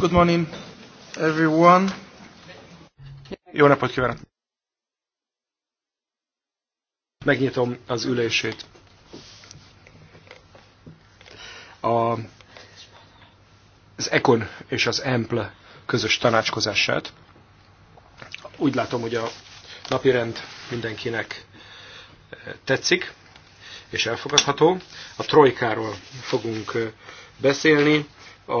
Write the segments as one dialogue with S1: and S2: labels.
S1: Good morning, everyone. Jó napot kívánok! Megnyitom az ülését. A, az ECON és az EMPLE közös tanácskozását. Úgy látom, hogy a napirend mindenkinek eh, tetszik és elfogadható. A trojkáról fogunk eh, beszélni, a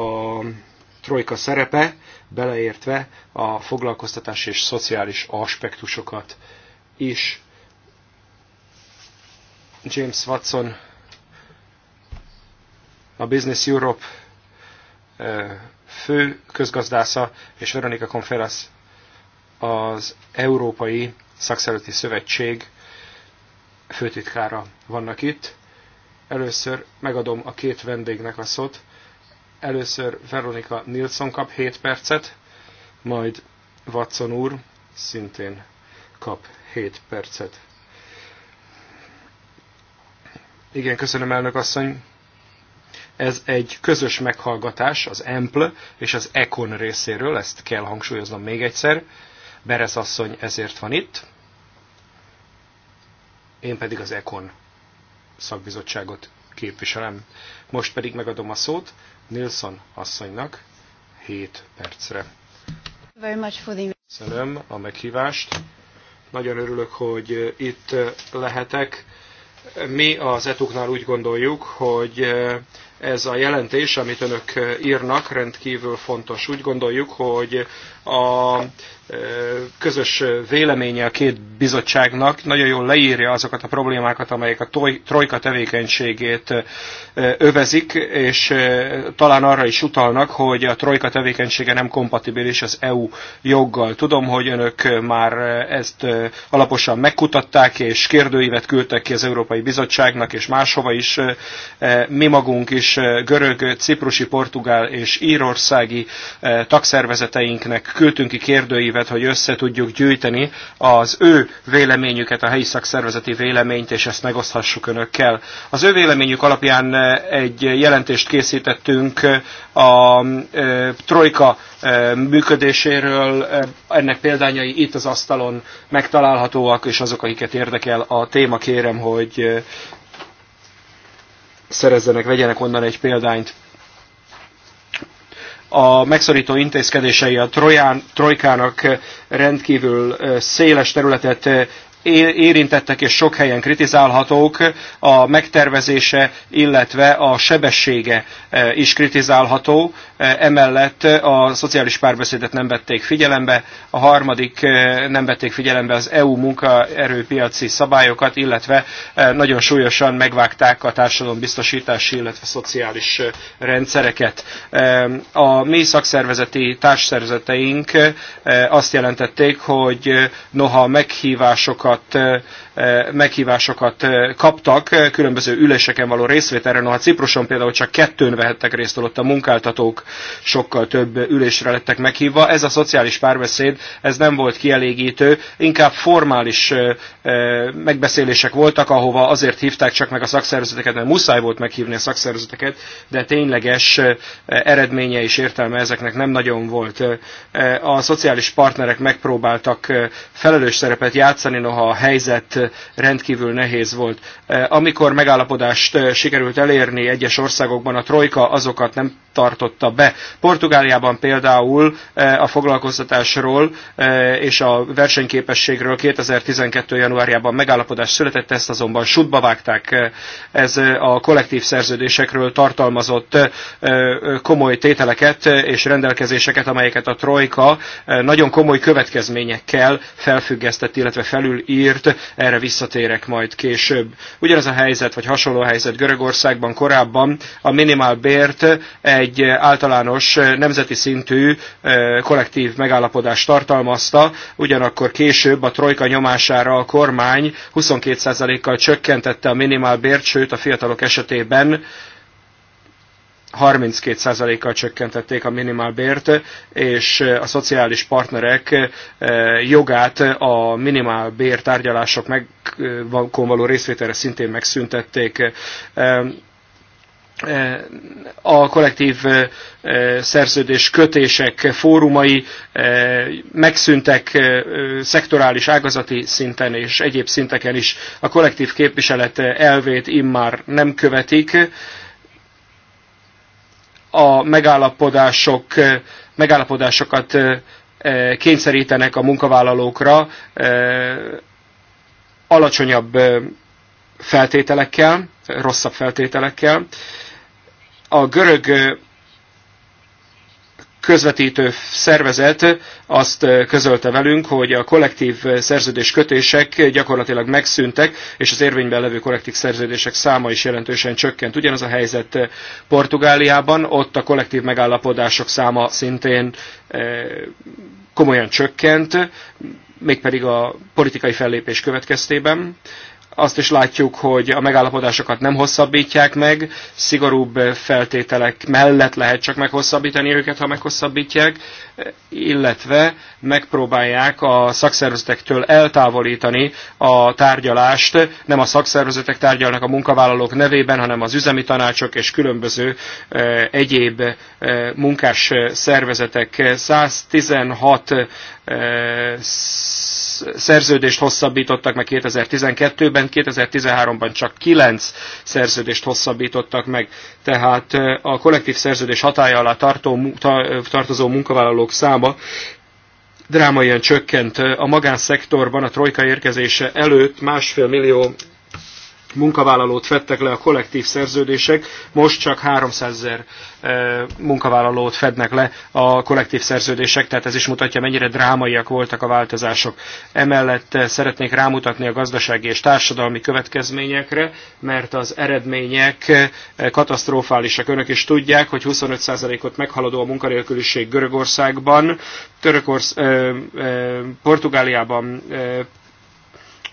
S1: trojka szerepe, beleértve a foglalkoztatás és szociális aspektusokat is. James Watson a Business Europe fő közgazdásza, és Veronika Conferas az Európai Szakszervezeti Szövetség főtitkára vannak itt. Először megadom a két vendégnek a szót, Először Veronika Nilsson kap 7 percet, majd Watson úr szintén kap 7 percet. Igen, köszönöm elnök asszony. Ez egy közös meghallgatás az EMPL és az ECON részéről, ezt kell hangsúlyoznom még egyszer. Berez asszony ezért van itt, én pedig az ECON szakbizottságot képviselem. Most pedig megadom a szót Nilsson asszonynak 7 percre. Köszönöm a meghívást. Nagyon örülök, hogy itt lehetek. Mi az etuknál úgy gondoljuk, hogy ez a jelentés, amit önök írnak, rendkívül fontos. Úgy gondoljuk, hogy a közös véleménye a két bizottságnak nagyon jól leírja azokat a problémákat, amelyek a trojka tevékenységét övezik, és talán arra is utalnak, hogy a trojka tevékenysége nem kompatibilis az EU joggal. Tudom, hogy önök már ezt alaposan megkutatták, és kérdőívet küldtek ki az Európai Bizottságnak, és máshova is mi magunk is és eh, görög, ciprusi, portugál és írországi eh, tagszervezeteinknek küldtünk ki kérdőívet, hogy össze tudjuk gyűjteni az ő véleményüket, a helyi szakszervezeti véleményt, és ezt megoszthassuk önökkel. Az ő véleményük alapján eh, egy jelentést készítettünk a trojka működéséről. Ennek példányai itt az asztalon megtalálhatóak, és azok, akiket érdekel a téma, kérem, hogy szerezzenek, vegyenek onnan egy példányt. A megszorító intézkedései a Troján, Trojkának rendkívül széles területet érintettek és sok helyen kritizálhatók, a megtervezése, illetve a sebessége e, is kritizálható, e, emellett a szociális párbeszédet nem vették figyelembe, a harmadik e, nem vették figyelembe az EU munkaerőpiaci szabályokat, illetve nagyon súlyosan megvágták a társadalombiztosítási, illetve szociális rendszereket. A mi szakszervezeti társszervezeteink azt jelentették, hogy noha meghívásokat adatokat meghívásokat kaptak különböző üléseken való részvételre. Noha Cipruson például csak kettőn vehettek részt, ott a munkáltatók sokkal több ülésre lettek meghívva. Ez a szociális párbeszéd, ez nem volt kielégítő, inkább formális megbeszélések voltak, ahova azért hívták csak meg a szakszervezeteket, mert muszáj volt meghívni a szakszervezeteket, de tényleges eredménye és értelme ezeknek nem nagyon volt. A szociális partnerek megpróbáltak felelős szerepet játszani, noha a helyzet rendkívül nehéz volt. E, amikor megállapodást e, sikerült elérni egyes országokban, a trojka azokat nem tartotta be. Portugáliában például e, a foglalkoztatásról és a versenyképességről 2012. januárjában megállapodás született, ezt azonban sútba vágták. Ez a kollektív szerződésekről tartalmazott komoly tételeket és rendelkezéseket, amelyeket a trojka nagyon komoly következményekkel felfüggesztett, illetve felülírt erre visszatérek majd később. Ugyanaz a helyzet, vagy hasonló helyzet Görögországban korábban a minimálbért egy általános nemzeti szintű kollektív megállapodást tartalmazta, ugyanakkor később a trojka nyomására a kormány 22%-kal csökkentette a minimálbért, sőt a fiatalok esetében 32%-kal csökkentették a minimálbért, és a szociális partnerek eh, jogát a minimálbér tárgyalások megkon eh, való részvételre szintén megszüntették. Eh, a kollektív szerződés kötések fórumai megszűntek szektorális ágazati szinten és egyéb szinteken is. A kollektív képviselet elvét immár nem követik a megállapodások, megállapodásokat kényszerítenek a munkavállalókra alacsonyabb feltételekkel, rosszabb feltételekkel. A görög közvetítő szervezet azt közölte velünk, hogy a kollektív szerződés kötések gyakorlatilag megszűntek, és az érvényben levő kollektív szerződések száma is jelentősen csökkent. Ugyanaz a helyzet Portugáliában, ott a kollektív megállapodások száma szintén komolyan csökkent, mégpedig a politikai fellépés következtében. Azt is látjuk, hogy a megállapodásokat nem hosszabbítják meg, szigorúbb feltételek mellett lehet csak meghosszabbítani őket, ha meghosszabbítják, illetve megpróbálják a szakszervezetektől eltávolítani a tárgyalást. Nem a szakszervezetek tárgyalnak a munkavállalók nevében, hanem az üzemi tanácsok és különböző e, egyéb e, munkás szervezetek. 116 szerződést hosszabbítottak meg 2012-ben, 2013-ban csak 9 szerződést hosszabbítottak meg, tehát a kollektív szerződés hatája alá tartó, tartozó munkavállalók száma drámaian csökkent. A magánszektorban a trojka érkezése előtt másfél millió munkavállalót fedtek le a kollektív szerződések, most csak 300 ezer e, munkavállalót fednek le a kollektív szerződések, tehát ez is mutatja, mennyire drámaiak voltak a változások. Emellett e, szeretnék rámutatni a gazdasági és társadalmi következményekre, mert az eredmények e, katasztrofálisak. Önök is tudják, hogy 25%-ot meghaladó a munkanélküliség Görögországban, Törökorsz, ö, ö, Portugáliában, ö,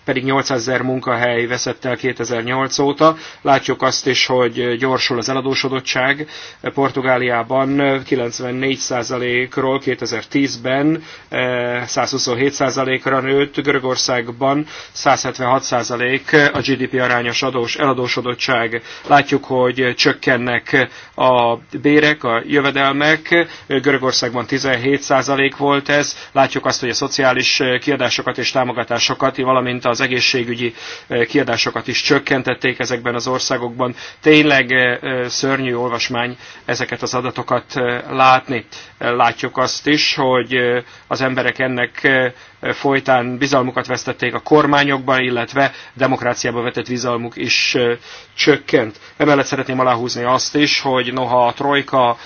S1: pedig 800 ezer munkahely veszett el 2008 óta. Látjuk azt is, hogy gyorsul az eladósodottság. Portugáliában 94%-ról 2010-ben 127%-ra nőtt, Görögországban 176% a GDP arányos adós, eladósodottság. Látjuk, hogy csökkennek a bérek, a jövedelmek. Görögországban 17% volt ez. Látjuk azt, hogy a szociális kiadásokat és támogatásokat, valamint az az egészségügyi eh, kiadásokat is csökkentették ezekben az országokban. Tényleg eh, eh, szörnyű olvasmány ezeket az adatokat látni. Látjuk azt is, hogy az emberek ennek folytán bizalmukat vesztették a kormányokban, illetve demokráciába vetett bizalmuk is csökkent. Emellett szeretném aláhúzni azt is, hogy noha a trojka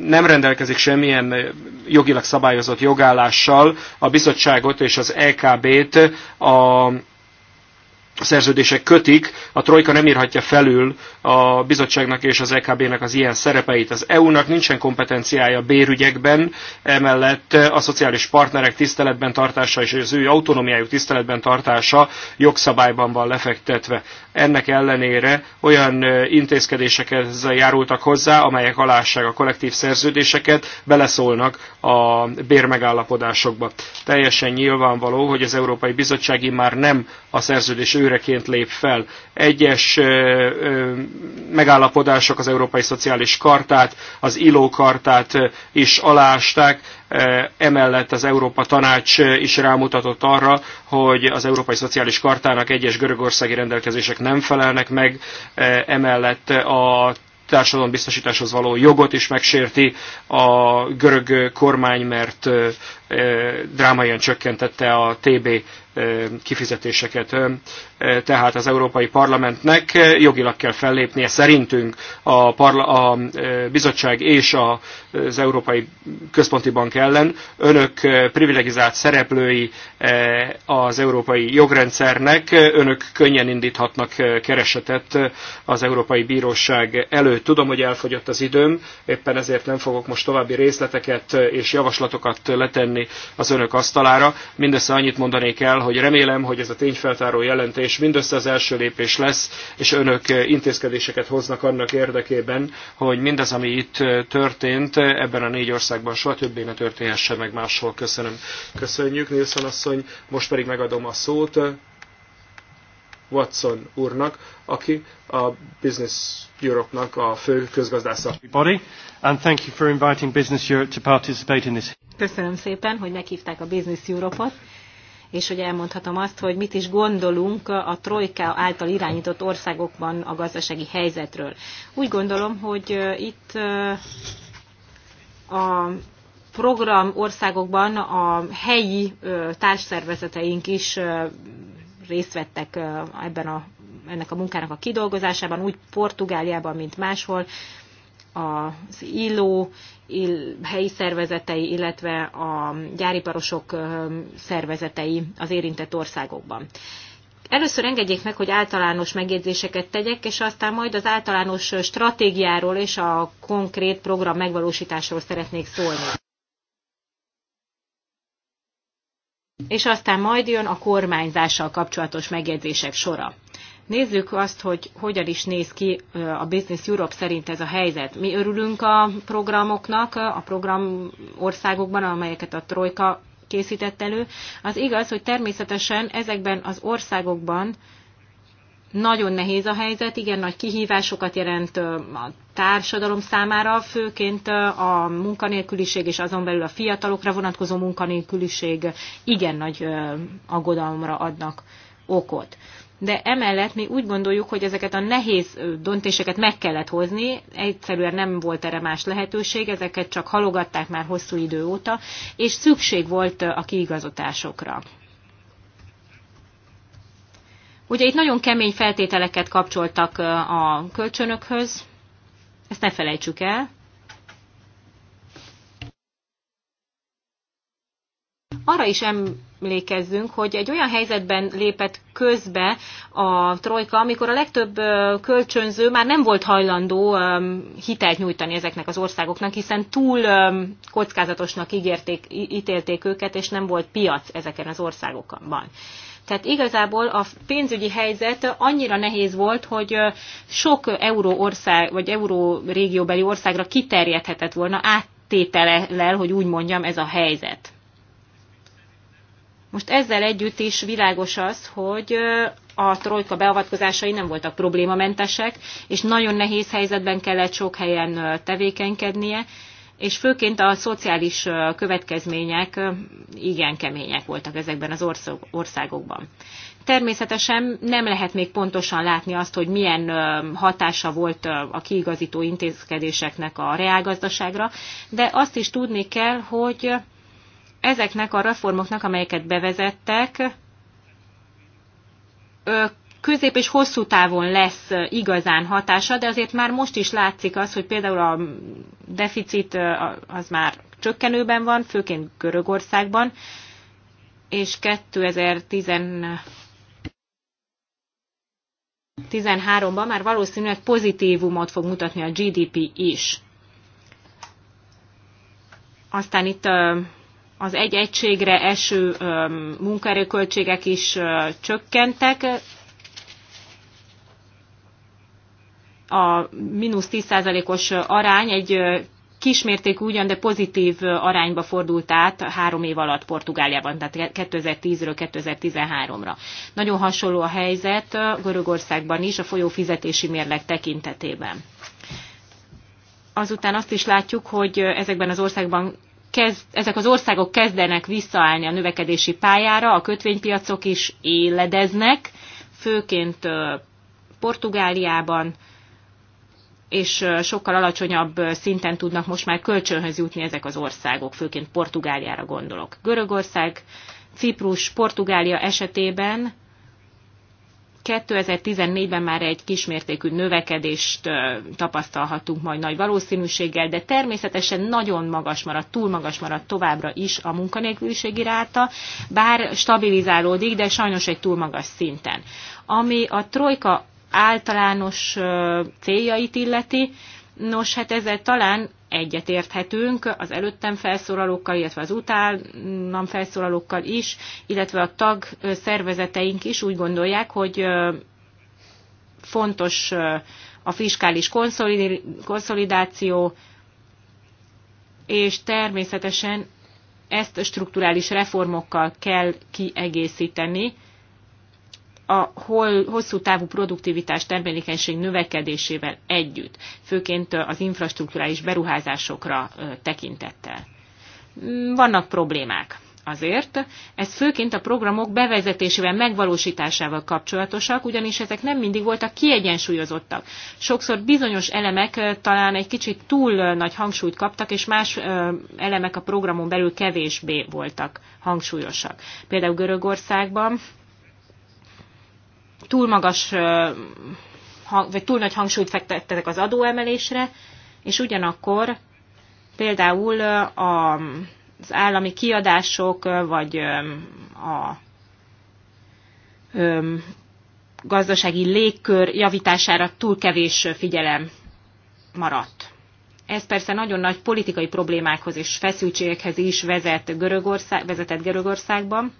S1: nem rendelkezik semmilyen jogilag szabályozott jogállással, a bizottságot és az EKB-t a szerződések kötik, a trojka nem írhatja felül a bizottságnak és az EKB-nek az ilyen szerepeit. Az EU-nak nincsen kompetenciája bérügyekben, emellett a szociális partnerek tiszteletben tartása és az ő autonómiájuk tiszteletben tartása jogszabályban van lefektetve. Ennek ellenére olyan intézkedéseket járultak hozzá, amelyek alássák a kollektív szerződéseket, beleszólnak a bérmegállapodásokba. Teljesen nyilvánvaló, hogy az Európai Bizottság már nem a szerződés ő tűreként lép fel. Egyes megállapodások az Európai Szociális Kartát, az ILO kartát is alásták, emellett az Európa Tanács is rámutatott arra, hogy az Európai Szociális Kartának egyes görögországi rendelkezések nem felelnek meg, emellett a társadalombiztosításhoz való jogot is megsérti a görög kormány, mert drámaian csökkentette a TB kifizetéseket. Tehát az Európai Parlamentnek jogilag kell fellépnie szerintünk a, parla a bizottság és az Európai Központi Bank ellen. Önök privilegizált szereplői az európai jogrendszernek, önök könnyen indíthatnak keresetet az Európai Bíróság előtt. Tudom, hogy elfogyott az időm, éppen ezért nem fogok most további részleteket és javaslatokat letenni tenni az önök asztalára. Mindössze annyit mondanék el, hogy remélem, hogy ez a tényfeltáró jelentés mindössze az első lépés lesz, és önök intézkedéseket hoznak annak érdekében, hogy mindez, ami itt történt, ebben a négy országban soha többé ne történhessen meg máshol. Köszönöm. Köszönjük, Nilsson asszony. Most pedig megadom a szót Watson úrnak, aki a Business Europe-nak a fő közgazdásza. And thank you for inviting Business Europe
S2: to participate in this. Köszönöm szépen, hogy meghívták a Business Europe-ot, és hogy elmondhatom azt, hogy mit is gondolunk a Trojka által irányított országokban a gazdasági helyzetről. Úgy gondolom, hogy itt a program országokban a helyi társszervezeteink is részt vettek ebben a, ennek a munkának a kidolgozásában, úgy Portugáliában, mint máshol, az illó ill, helyi szervezetei, illetve a gyáriparosok szervezetei az érintett országokban. Először engedjék meg, hogy általános megjegyzéseket tegyek, és aztán majd az általános stratégiáról és a konkrét program megvalósításról szeretnék szólni. és aztán majd jön a kormányzással kapcsolatos megjegyzések sora. Nézzük azt, hogy hogyan is néz ki a Business Europe szerint ez a helyzet. Mi örülünk a programoknak, a program országokban, amelyeket a Trojka készített elő. Az igaz, hogy természetesen ezekben az országokban nagyon nehéz a helyzet, igen, nagy kihívásokat jelent a társadalom számára, főként a munkanélküliség és azon belül a fiatalokra vonatkozó munkanélküliség igen nagy aggodalomra adnak okot. De emellett mi úgy gondoljuk, hogy ezeket a nehéz döntéseket meg kellett hozni, egyszerűen nem volt erre más lehetőség, ezeket csak halogatták már hosszú idő óta, és szükség volt a kiigazotásokra. Ugye itt nagyon kemény feltételeket kapcsoltak a kölcsönökhöz, ezt ne felejtsük el. Arra is emlékezzünk, hogy egy olyan helyzetben lépett közbe a trojka, amikor a legtöbb kölcsönző már nem volt hajlandó hitelt nyújtani ezeknek az országoknak, hiszen túl kockázatosnak ígérték, ítélték őket, és nem volt piac ezeken az országokban. Tehát igazából a pénzügyi helyzet annyira nehéz volt, hogy sok euró ország, vagy euró régióbeli országra kiterjedhetett volna áttételel, hogy úgy mondjam, ez a helyzet. Most ezzel együtt is világos az, hogy a trojka beavatkozásai nem voltak problémamentesek, és nagyon nehéz helyzetben kellett sok helyen tevékenykednie, és főként a szociális következmények igen kemények voltak ezekben az országokban. Természetesen nem lehet még pontosan látni azt, hogy milyen hatása volt a kiigazító intézkedéseknek a reálgazdaságra, de azt is tudni kell, hogy ezeknek a reformoknak, amelyeket bevezettek, közép és hosszú távon lesz igazán hatása, de azért már most is látszik az, hogy például a deficit az már csökkenőben van, főként Görögországban, és 2013-ban már valószínűleg pozitívumot fog mutatni a GDP is. Aztán itt az egy egységre eső munkaerőköltségek is csökkentek, a mínusz 10%-os arány egy kismértékű ugyan, de pozitív arányba fordult át három év alatt Portugáliában, tehát 2010-ről 2013-ra. Nagyon hasonló a helyzet Görögországban is a folyó fizetési mérleg tekintetében. Azután azt is látjuk, hogy ezekben az országban kezd, ezek az országok kezdenek visszaállni a növekedési pályára, a kötvénypiacok is éledeznek, főként Portugáliában, és sokkal alacsonyabb szinten tudnak most már kölcsönhöz jutni ezek az országok, főként Portugáliára gondolok. Görögország, Ciprus, Portugália esetében 2014-ben már egy kismértékű növekedést tapasztalhatunk majd nagy valószínűséggel, de természetesen nagyon magas maradt, túl magas maradt továbbra is a munkanélküliségi ráta, bár stabilizálódik, de sajnos egy túl magas szinten. Ami a trojka általános céljait illeti. Nos, hát ezzel talán egyet érthetünk az előttem felszólalókkal, illetve az utánam felszólalókkal is, illetve a tag szervezeteink is úgy gondolják, hogy fontos a fiskális konszolidáció, és természetesen ezt strukturális reformokkal kell kiegészíteni, a hol, hosszú távú produktivitás termelékenység növekedésével együtt, főként az infrastruktúrális beruházásokra tekintettel. Mm, vannak problémák azért. Ez főként a programok bevezetésével, megvalósításával kapcsolatosak, ugyanis ezek nem mindig voltak kiegyensúlyozottak. Sokszor bizonyos elemek talán egy kicsit túl nagy hangsúlyt kaptak, és más elemek a programon belül kevésbé voltak hangsúlyosak. Például Görögországban túl magas, vagy túl nagy hangsúlyt fektettek az adóemelésre, és ugyanakkor például az állami kiadások, vagy a gazdasági légkör javítására túl kevés figyelem maradt. Ez persze nagyon nagy politikai problémákhoz és feszültségekhez is vezet Görögország, vezetett Görögországban,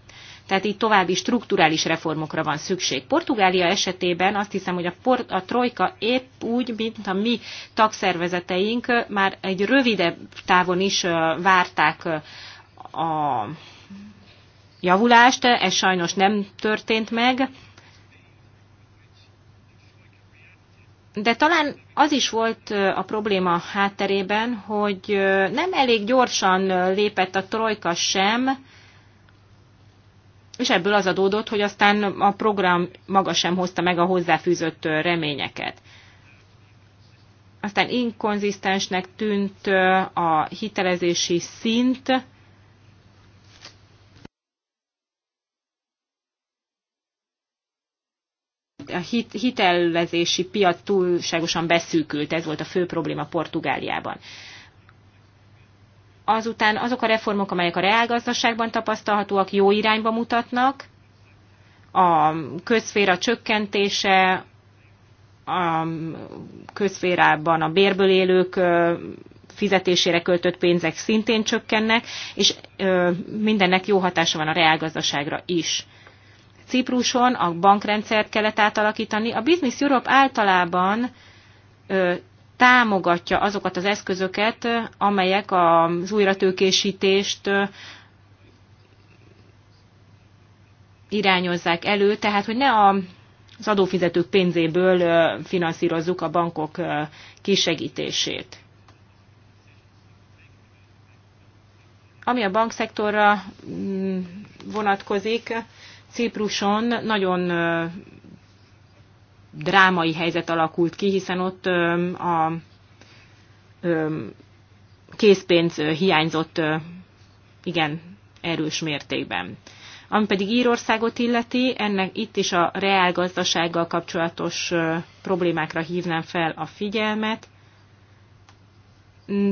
S2: tehát itt további strukturális reformokra van szükség. Portugália esetében azt hiszem, hogy a, por, a trojka épp úgy, mint a mi tagszervezeteink már egy rövidebb távon is várták a javulást, ez sajnos nem történt meg. De talán az is volt a probléma hátterében, hogy nem elég gyorsan lépett a trojka sem, és ebből az adódott, hogy aztán a program maga sem hozta meg a hozzáfűzött reményeket. Aztán inkonzisztensnek tűnt a hitelezési szint, a hit, hitelezési piac túlságosan beszűkült, ez volt a fő probléma Portugáliában azután azok a reformok, amelyek a reálgazdaságban tapasztalhatóak, jó irányba mutatnak, a közféra csökkentése, a közférában a bérből élők fizetésére költött pénzek szintén csökkennek, és mindennek jó hatása van a reálgazdaságra is. Cipruson a bankrendszert kellett átalakítani. A Business Europe általában támogatja azokat az eszközöket, amelyek az újratőkésítést irányozzák elő, tehát hogy ne a, az adófizetők pénzéből finanszírozzuk a bankok kisegítését. Ami a bankszektorra mm, vonatkozik, Cipruson nagyon drámai helyzet alakult ki, hiszen ott a készpénz hiányzott igen erős mértékben. Ami pedig Írországot illeti, ennek itt is a reálgazdasággal kapcsolatos problémákra hívnám fel a figyelmet,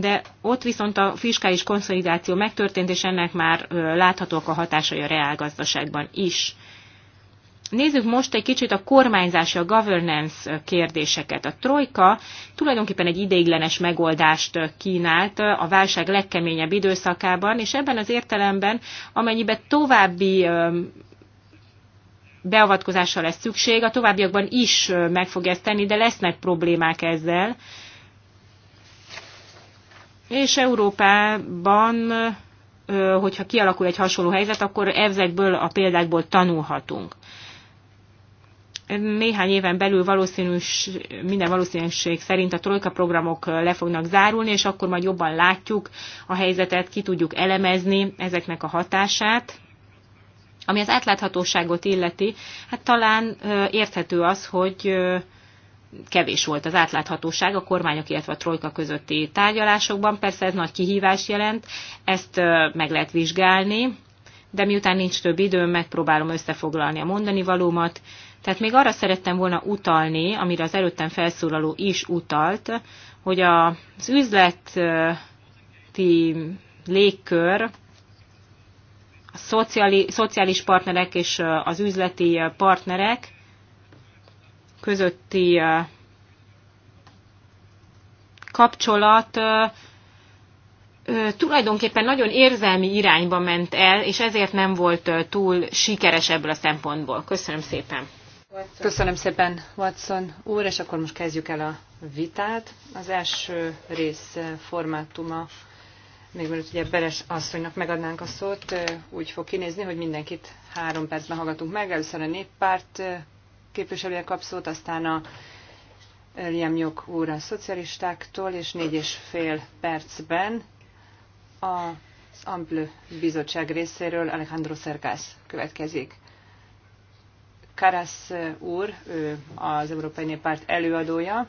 S2: de ott viszont a fiskális konszolidáció megtörtént, és ennek már láthatók a hatásai a reálgazdaságban is. Nézzük most egy kicsit a kormányzási, a governance kérdéseket. A trojka tulajdonképpen egy ideiglenes megoldást kínált a válság legkeményebb időszakában, és ebben az értelemben, amennyiben további beavatkozásra lesz szükség, a továbbiakban is meg fog ezt tenni, de lesznek problémák ezzel. És Európában, hogyha kialakul egy hasonló helyzet, akkor ezekből a példákból tanulhatunk néhány éven belül valószínűs, minden valószínűség szerint a trojka programok le fognak zárulni, és akkor majd jobban látjuk a helyzetet, ki tudjuk elemezni ezeknek a hatását. Ami az átláthatóságot illeti, hát talán érthető az, hogy kevés volt az átláthatóság a kormányok, illetve a trojka közötti tárgyalásokban. Persze ez nagy kihívás jelent, ezt meg lehet vizsgálni, de miután nincs több időm, megpróbálom összefoglalni a mondani valómat. Tehát még arra szerettem volna utalni, amire az előttem felszólaló is utalt, hogy az üzleti légkör, a szociali, szociális partnerek és az üzleti partnerek közötti kapcsolat tulajdonképpen nagyon érzelmi irányba ment el, és ezért nem volt túl sikeres ebből a szempontból.
S3: Köszönöm szépen! Köszönöm szépen, Watson úr, és akkor most kezdjük el a vitát. Az első rész eh, formátuma, még mielőtt ugye Beres asszonynak megadnánk a szót, eh, úgy fog kinézni, hogy mindenkit három percben hallgatunk meg. Először a néppárt eh, képviselője kap szót, aztán a Liam Jog úr a szocialistáktól, és négy és fél percben a Amplő Bizottság részéről Alejandro Szergász következik. Karas úr, ő az Európai Néppárt előadója.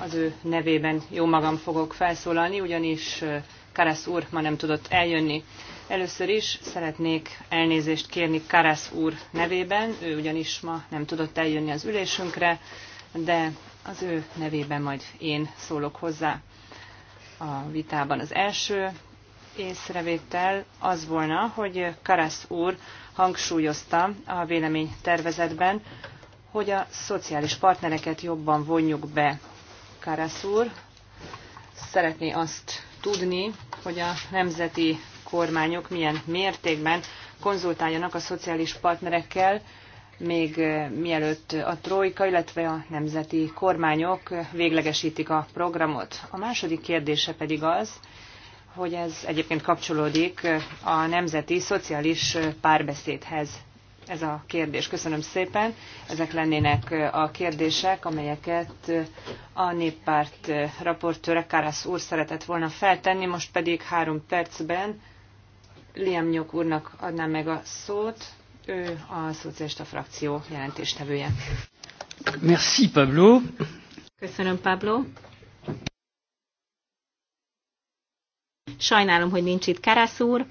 S3: Az ő nevében jó magam fogok felszólalni, ugyanis Karas úr ma nem tudott eljönni. Először is szeretnék elnézést kérni Karas úr nevében, ő ugyanis ma nem tudott eljönni az ülésünkre, de az ő nevében majd én szólok hozzá a vitában. Az első észrevétel az volna, hogy Karasz úr hangsúlyozta a véleménytervezetben, hogy a szociális partnereket jobban vonjuk be. Karasz úr szeretné azt tudni, hogy a nemzeti kormányok milyen mértékben konzultáljanak a szociális partnerekkel, még eh, mielőtt a trojka, illetve a nemzeti kormányok véglegesítik a programot. A második kérdése pedig az, hogy ez egyébként kapcsolódik a nemzeti szociális párbeszédhez ez a kérdés. Köszönöm szépen. Ezek lennének a kérdések, amelyeket a néppárt raportőre Kárász úr szeretett volna feltenni, most pedig három percben Liam Nyok úrnak adnám meg a szót. Ő a szocialista frakció jelentéstevője.
S2: Merci, Pablo.
S3: Köszönöm, Pablo.
S2: Sajnálom, hogy nincs itt Karasz úr.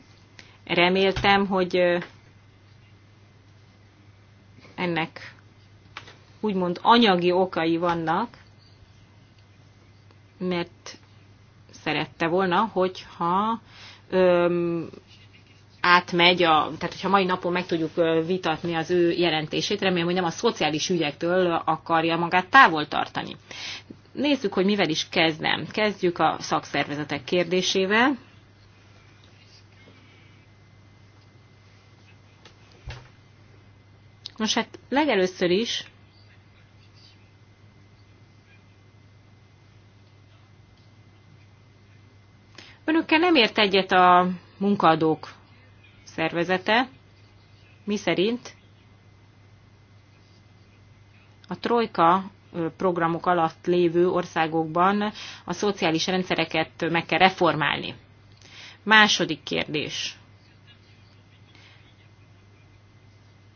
S2: Reméltem, hogy ennek úgymond anyagi okai vannak, mert szerette volna, hogyha öm, átmegy, a, tehát hogyha mai napon meg tudjuk vitatni az ő jelentését, remélem, hogy nem a szociális ügyektől akarja magát távol tartani. Nézzük, hogy mivel is kezdem. Kezdjük a szakszervezetek kérdésével. Nos hát legelőször is önökkel nem ért egyet a munkadók szervezete, mi szerint a trojka programok alatt lévő országokban a szociális rendszereket meg kell reformálni. Második kérdés.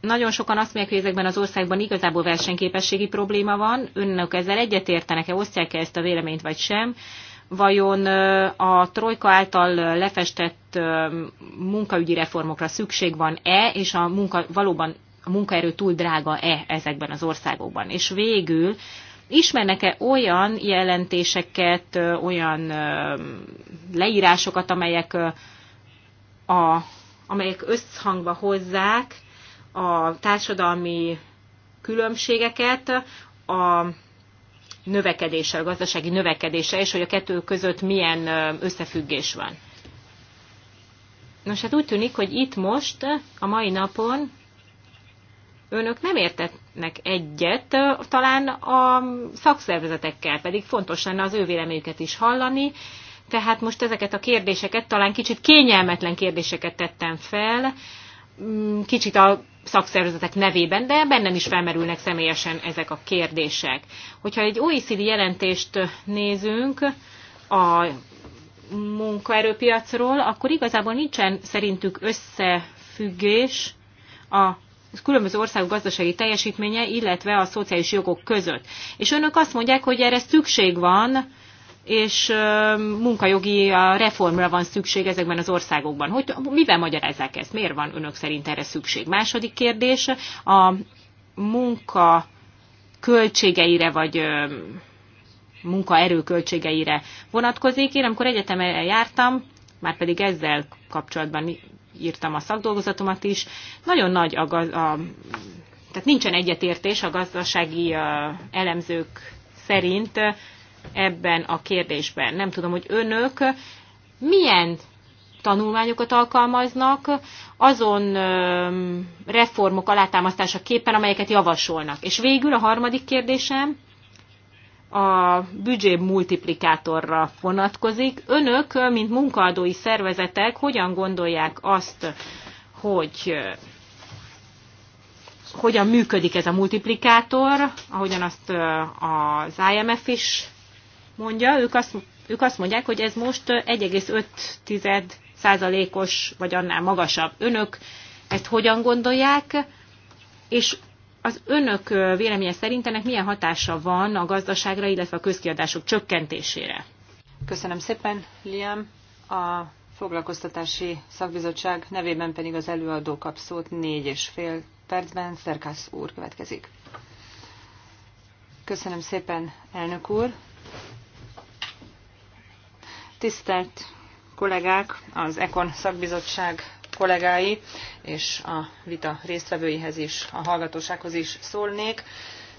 S2: Nagyon sokan azt mondják, hogy ezekben az országban igazából versenyképességi probléma van. Önök ezzel egyetértenek-e, osztják-e ezt a véleményt, vagy sem? Vajon a trojka által lefestett munkaügyi reformokra szükség van-e, és a munka valóban a munkaerő túl drága-e ezekben az országokban. És végül ismernek-e olyan jelentéseket, olyan leírásokat, amelyek, a, amelyek összhangba hozzák a társadalmi különbségeket a növekedéssel, a gazdasági növekedéssel, és hogy a kettő között milyen összefüggés van. Nos, hát úgy tűnik, hogy itt most, a mai napon önök nem értetnek egyet, talán a szakszervezetekkel pedig fontos lenne az ő véleményüket is hallani, tehát most ezeket a kérdéseket, talán kicsit kényelmetlen kérdéseket tettem fel, mm, kicsit a szakszervezetek nevében, de bennem is felmerülnek személyesen ezek a kérdések. Hogyha egy OECD jelentést nézünk a munkaerőpiacról, akkor igazából nincsen szerintük összefüggés a különböző országok gazdasági teljesítménye, illetve a szociális jogok között. És önök azt mondják, hogy erre szükség van, és munkajogi reformra van szükség ezekben az országokban. Hogy, mivel magyarázzák ezt? Miért van önök szerint erre szükség? Második kérdés, a munka költségeire, vagy munkaerő költségeire vonatkozik. Én amikor egyetemre jártam, már pedig ezzel kapcsolatban írtam a szakdolgozatomat is. Nagyon nagy a, a, a tehát nincsen egyetértés a gazdasági elemzők szerint ebben a kérdésben. Nem tudom, hogy önök milyen tanulmányokat alkalmaznak azon reformok képen, amelyeket javasolnak. És végül a harmadik kérdésem, a büdzsé multiplikátorra vonatkozik. Önök, mint munkaadói szervezetek, hogyan gondolják azt, hogy eh, hogyan működik ez a multiplikátor, ahogyan azt eh, az IMF is mondja, ők azt, ők azt mondják, hogy ez most 1,5 százalékos, vagy annál magasabb. Önök ezt hogyan gondolják, és az önök véleménye szerint ennek milyen hatása van a gazdaságra, illetve a közkiadások csökkentésére?
S3: Köszönöm szépen, Liam. A foglalkoztatási szakbizottság nevében pedig az előadó kap szót négy és fél percben. Szerkász úr következik. Köszönöm szépen, elnök úr. Tisztelt kollégák, az Ekon szakbizottság kollégái és a vita résztvevőihez is, a hallgatósághoz is szólnék.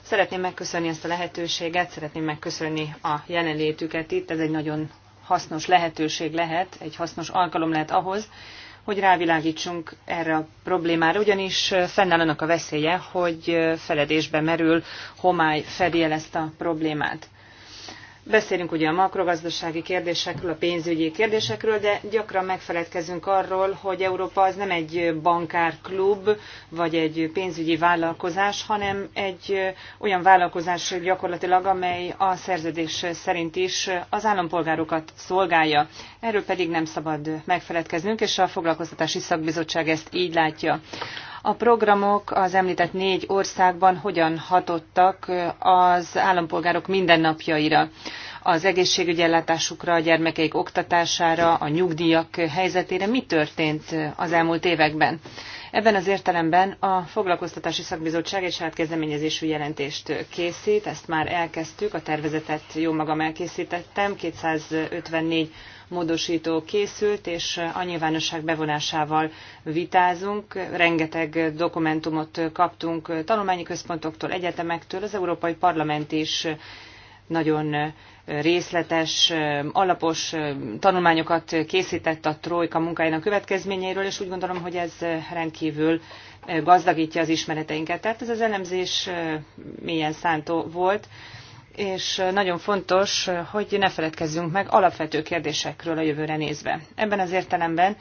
S3: Szeretném megköszönni ezt a lehetőséget, szeretném megköszönni a jelenlétüket itt. Ez egy nagyon hasznos lehetőség lehet, egy hasznos alkalom lehet ahhoz, hogy rávilágítsunk erre a problémára, ugyanis fennáll annak a veszélye, hogy feledésbe merül, homály fedi el ezt a problémát. Beszélünk ugye a makrogazdasági kérdésekről, a pénzügyi kérdésekről, de gyakran megfeledkezünk arról, hogy Európa az nem egy bankárklub vagy egy pénzügyi vállalkozás, hanem egy olyan vállalkozás gyakorlatilag, amely a szerződés szerint is az állampolgárokat szolgálja. Erről pedig nem szabad megfeledkeznünk, és a foglalkoztatási szakbizottság ezt így látja. A programok az említett négy országban hogyan hatottak az állampolgárok mindennapjaira, az egészségügyi ellátásukra, a gyermekeik oktatására, a nyugdíjak helyzetére. Mi történt az elmúlt években? Ebben az értelemben a Foglalkoztatási Szakbizottság egy saját kezdeményezésű jelentést készít, ezt már elkezdtük, a tervezetet jó magam elkészítettem, 254 módosító készült, és a nyilvánosság bevonásával vitázunk. Rengeteg dokumentumot kaptunk tanulmányi központoktól, egyetemektől, az Európai Parlament is nagyon részletes, alapos tanulmányokat készített a Trojka munkájának következményeiről, és úgy gondolom, hogy ez rendkívül gazdagítja az ismereteinket. Tehát ez az elemzés milyen szántó volt és nagyon fontos, hogy ne feledkezzünk meg alapvető kérdésekről a jövőre nézve. Ebben az értelemben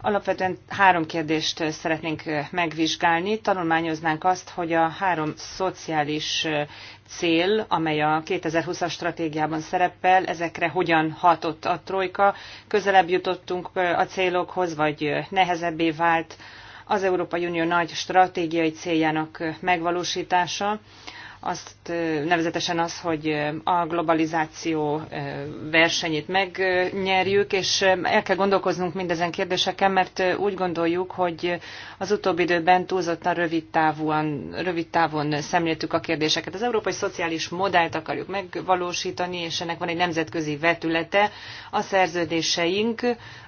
S3: alapvetően három kérdést szeretnénk megvizsgálni. Tanulmányoznánk azt, hogy a három szociális cél, amely a 2020-as stratégiában szerepel, ezekre hogyan hatott a trojka, közelebb jutottunk a célokhoz, vagy nehezebbé vált az Európai Unió nagy stratégiai céljának megvalósítása azt nevezetesen az, hogy a globalizáció versenyét megnyerjük, és el kell gondolkoznunk mindezen kérdéseken, mert úgy gondoljuk, hogy az utóbbi időben túlzottan rövid, távúan, rövid távon szemléltük a kérdéseket. Az európai szociális modellt akarjuk megvalósítani, és ennek van egy nemzetközi vetülete. A szerződéseink,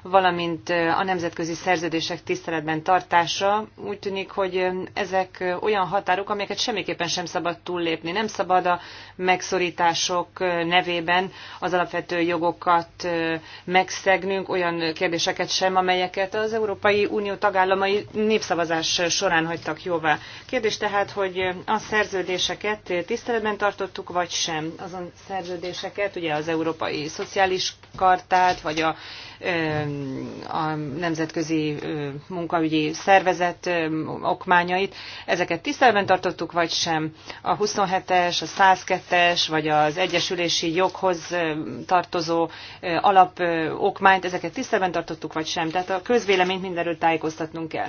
S3: valamint a nemzetközi szerződések tiszteletben tartása, úgy tűnik, hogy ezek olyan határok, amelyeket semmiképpen sem szabad túl lépni. Nem szabad a megszorítások nevében az alapvető jogokat megszegnünk, olyan kérdéseket sem, amelyeket az Európai Unió tagállamai népszavazás során hagytak jóvá. Kérdés tehát, hogy a szerződéseket tiszteletben tartottuk, vagy sem. Azon szerződéseket, ugye az Európai Szociális Kartát, vagy a a nemzetközi munkaügyi szervezet okmányait. Ezeket tisztelben tartottuk, vagy sem? A 27 es a 102-es, vagy az egyesülési joghoz tartozó alapokmányt, ezeket tisztelben tartottuk, vagy sem. Tehát a közvéleményt mindenről tájékoztatnunk kell.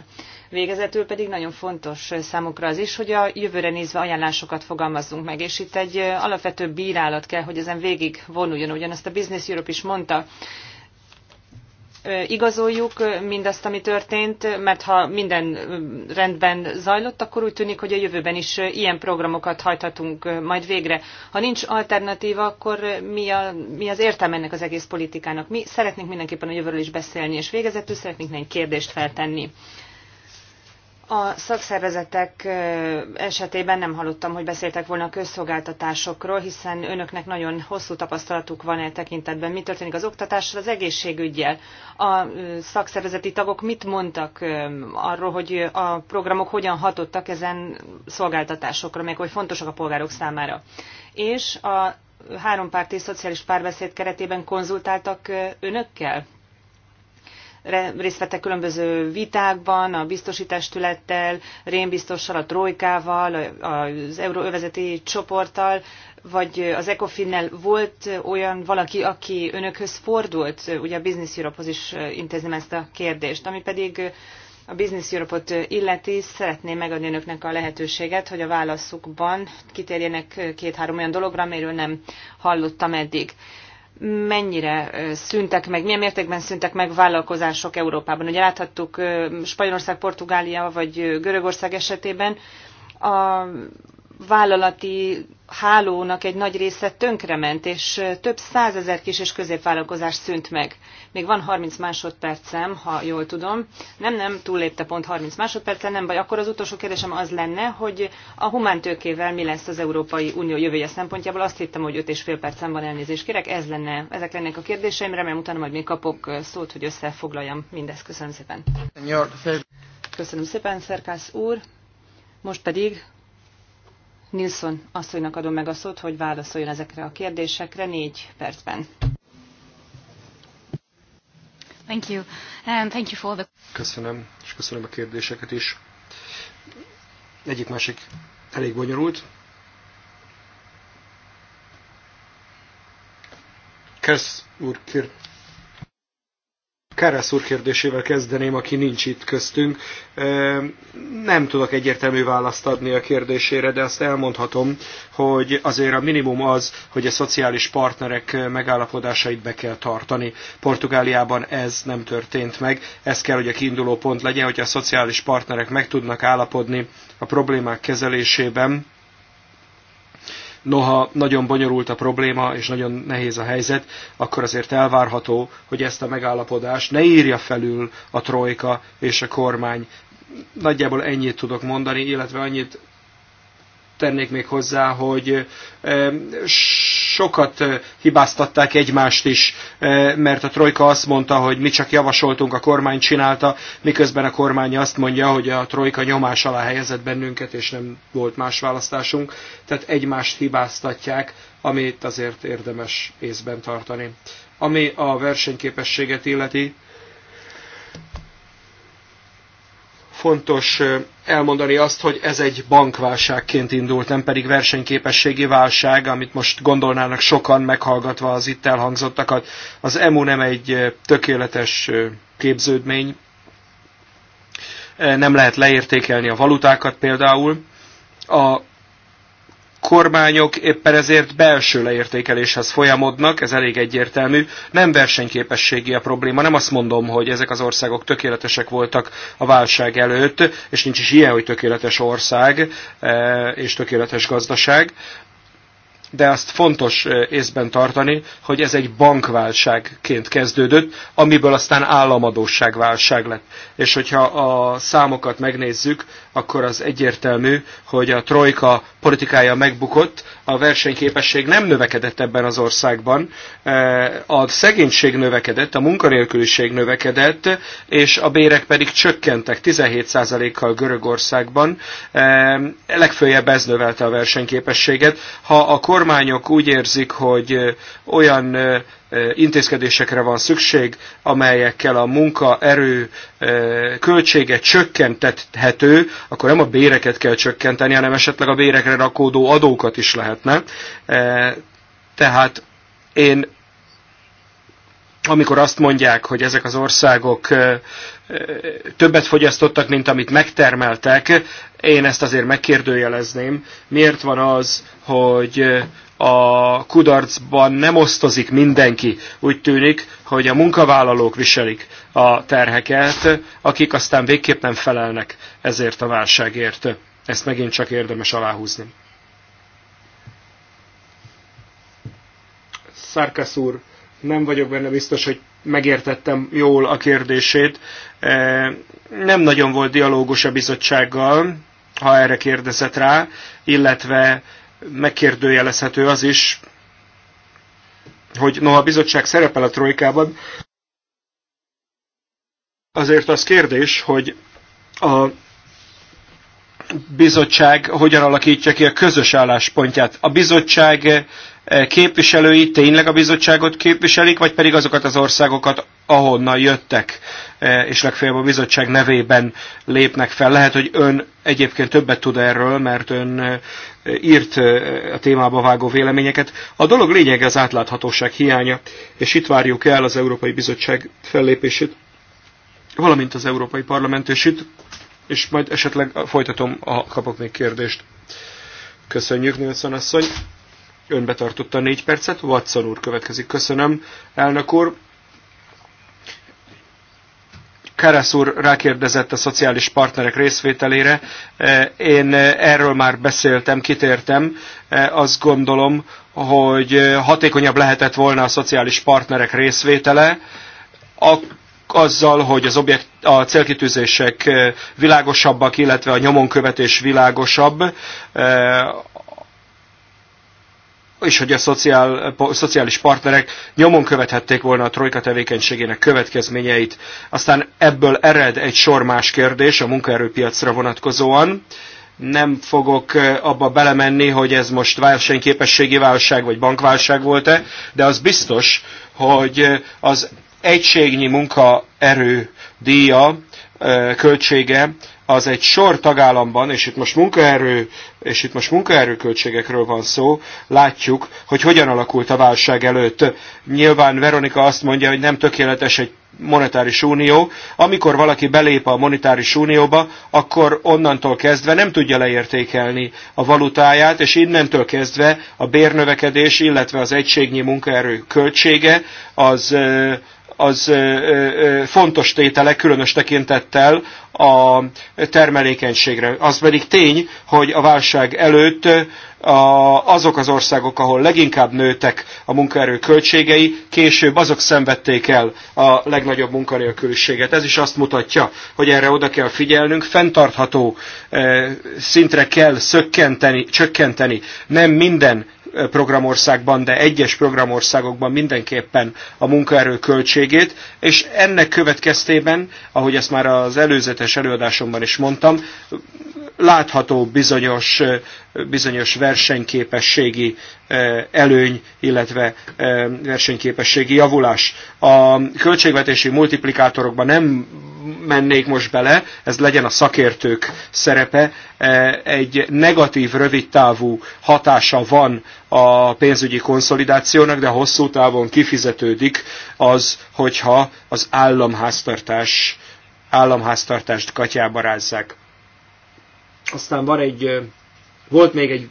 S3: Végezetül pedig nagyon fontos számukra az is, hogy a jövőre nézve ajánlásokat fogalmazzunk meg, és itt egy alapvető bírálat kell, hogy ezen végig vonuljon, ugyanazt a Business Europe is mondta, igazoljuk mindazt, ami történt, mert ha minden rendben zajlott, akkor úgy tűnik, hogy a jövőben is ilyen programokat hajthatunk majd végre. Ha nincs alternatíva, akkor mi, a, mi az értelme ennek az egész politikának? Mi szeretnénk mindenképpen a jövőről is beszélni, és végezetül szeretnénk egy kérdést feltenni. A szakszervezetek esetében nem hallottam, hogy beszéltek volna a közszolgáltatásokról, hiszen önöknek nagyon hosszú tapasztalatuk van e tekintetben. Mi történik az oktatással, az egészségügyjel? A szakszervezeti tagok mit mondtak arról, hogy a programok hogyan hatottak ezen szolgáltatásokra, meg hogy fontosak a polgárok számára? És a hárompárti szociális párbeszéd keretében konzultáltak önökkel? részt vettek különböző vitákban, a biztosítástülettel, rénbiztossal, a trojkával, az euróövezeti csoporttal, vagy az ECOFIN-nel volt olyan valaki, aki önökhöz fordult, ugye a Business Europe-hoz is intézném ezt a kérdést, ami pedig a Business Europe-ot illeti, szeretném megadni önöknek a lehetőséget, hogy a válaszukban kitérjenek két-három olyan dologra, amiről nem hallottam eddig mennyire szűntek meg, milyen mértékben szűntek meg vállalkozások Európában. Ugye láthattuk Spanyolország, Portugália vagy Görögország esetében, a vállalati hálónak egy nagy része tönkrement, és több százezer kis és középvállalkozás szűnt meg. Még van 30 másodpercem, ha jól tudom. Nem, nem, túllépte pont 30 másodpercen, nem baj. Akkor az utolsó kérdésem az lenne, hogy a humántőkével mi lesz az Európai Unió jövője szempontjából. Azt hittem, hogy 5,5 percem van elnézést kérek. Ez lenne, ezek lennek a kérdéseim. Remélem utána majd még kapok eh, szót, hogy összefoglaljam mindezt. Köszönöm szépen. Köszönöm szépen, Szerkász úr. Most pedig Nilsson asszonynak adom meg a szót, hogy válaszoljon ezekre a kérdésekre négy percben.
S2: Thank you. And um, thank you for the...
S1: Köszönöm, és köszönöm a kérdéseket is. Egyik másik elég bonyolult. Kösz úr Kárász úr kérdésével kezdeném, aki nincs itt köztünk. Nem tudok egyértelmű választ adni a kérdésére, de azt elmondhatom, hogy azért a minimum az, hogy a szociális partnerek megállapodásait be kell tartani. Portugáliában ez nem történt meg. Ez kell, hogy a kiinduló pont legyen, hogy a szociális partnerek meg tudnak állapodni a problémák kezelésében, Noha nagyon bonyolult a probléma és nagyon nehéz a helyzet, akkor azért elvárható, hogy ezt a megállapodást ne írja felül a trojka és a kormány. Nagyjából ennyit tudok mondani, illetve annyit tennék még hozzá, hogy eh, sokat eh, hibáztatták egymást is, eh, mert a Trojka azt mondta, hogy mi csak javasoltunk, a kormány csinálta, miközben a kormány azt mondja, hogy a Trojka nyomás alá helyezett bennünket, és nem volt más választásunk. Tehát egymást hibáztatják, amit azért érdemes észben tartani. Ami a versenyképességet illeti, fontos elmondani azt, hogy ez egy bankválságként indult, nem pedig versenyképességi válság, amit most gondolnának sokan meghallgatva az itt elhangzottakat. Az EMU nem egy tökéletes képződmény, nem lehet leértékelni a valutákat például. A kormányok éppen ezért belső leértékeléshez folyamodnak, ez elég egyértelmű. Nem versenyképességi a probléma, nem azt mondom, hogy ezek az országok tökéletesek voltak a válság előtt, és nincs is ilyen, hogy tökéletes ország eh, és tökéletes gazdaság, de azt fontos észben tartani, hogy ez egy bankválságként kezdődött, amiből aztán államadóságválság lett. És hogyha a számokat megnézzük, akkor az egyértelmű, hogy a trojka politikája megbukott, a versenyképesség nem növekedett ebben az országban, e, a szegénység növekedett, a munkanélküliség növekedett, és a bérek pedig csökkentek 17%-kal Görögországban. E, legfőjebb ez növelte a versenyképességet. Ha a kormányok úgy érzik, hogy olyan e, intézkedésekre van szükség, amelyekkel a munkaerő költsége csökkentethető, akkor nem a béreket kell csökkenteni, hanem esetleg a bérekre rakódó adókat is lehetne. Tehát én amikor azt mondják, hogy ezek az országok többet fogyasztottak, mint amit megtermeltek, én ezt azért megkérdőjelezném. Miért van az, hogy a kudarcban nem osztozik mindenki. Úgy tűnik, hogy a munkavállalók viselik a terheket, akik aztán végképp nem felelnek ezért a válságért. Ezt megint csak érdemes aláhúzni. Szárkasz úr, nem vagyok benne biztos, hogy megértettem jól a kérdését. E, nem nagyon volt dialógus a bizottsággal, ha erre kérdezett rá, illetve megkérdőjelezhető az is, hogy noha a bizottság szerepel a trojkában, azért az kérdés, hogy a bizottság hogyan alakítja ki a közös álláspontját. A bizottság képviselői tényleg a bizottságot képviselik, vagy pedig azokat az országokat, ahonnan jöttek, és legfeljebb a bizottság nevében lépnek fel. Lehet, hogy ön egyébként többet tud erről, mert ön írt a témába vágó véleményeket. A dolog lényege az átláthatóság hiánya, és itt várjuk el az Európai Bizottság fellépését, valamint az Európai Parlament, és és majd esetleg folytatom, ha kapok még kérdést. Köszönjük, Nilsson asszony! Ön betartotta a négy percet, Watson úr következik. Köszönöm, elnök úr. Karasz úr rákérdezett a szociális partnerek részvételére. Eh, én eh, erről már beszéltem, kitértem. Eh, azt gondolom, hogy hatékonyabb lehetett volna a szociális partnerek részvétele, azzal, hogy az objekt, a célkitűzések világosabbak, illetve a nyomonkövetés világosabb, és hogy a szociál, szociális partnerek nyomon követhették volna a trojka tevékenységének következményeit. Aztán ebből ered egy sor más kérdés a munkaerőpiacra vonatkozóan. Nem fogok eh, abba belemenni, hogy ez most versenyképességi válság vagy bankválság volt-e, de az biztos, hogy eh, az egységnyi munkaerő díja, eh, költsége az egy sor tagállamban, és itt most munkaerő, és itt most munkaerőköltségekről van szó, látjuk, hogy hogyan alakult a válság előtt. Nyilván Veronika azt mondja, hogy nem tökéletes egy monetáris unió. Amikor valaki belép a monetáris unióba, akkor onnantól kezdve nem tudja leértékelni a valutáját, és innentől kezdve a bérnövekedés, illetve az egységnyi munkaerő költsége az az fontos tétele, különös tekintettel a termelékenységre. Az pedig tény, hogy a válság előtt azok az országok, ahol leginkább nőtek a munkaerő költségei, később azok szenvedték el a legnagyobb munkanélküliséget. Ez is azt mutatja, hogy erre oda kell figyelnünk, fenntartható szintre kell szökkenteni, csökkenteni. Nem minden programországban, de egyes programországokban mindenképpen a munkaerő költségét, és ennek következtében, ahogy ezt már az előzetes előadásomban is mondtam, látható bizonyos, bizonyos versenyképességi előny, illetve versenyképességi javulás. A költségvetési multiplikátorokba nem mennék most bele, ez legyen a szakértők szerepe, egy negatív, rövidtávú hatása van a pénzügyi konszolidációnak, de hosszú távon kifizetődik az, hogyha az államháztartás államháztartást katyába rázzák. Aztán van egy, volt még egy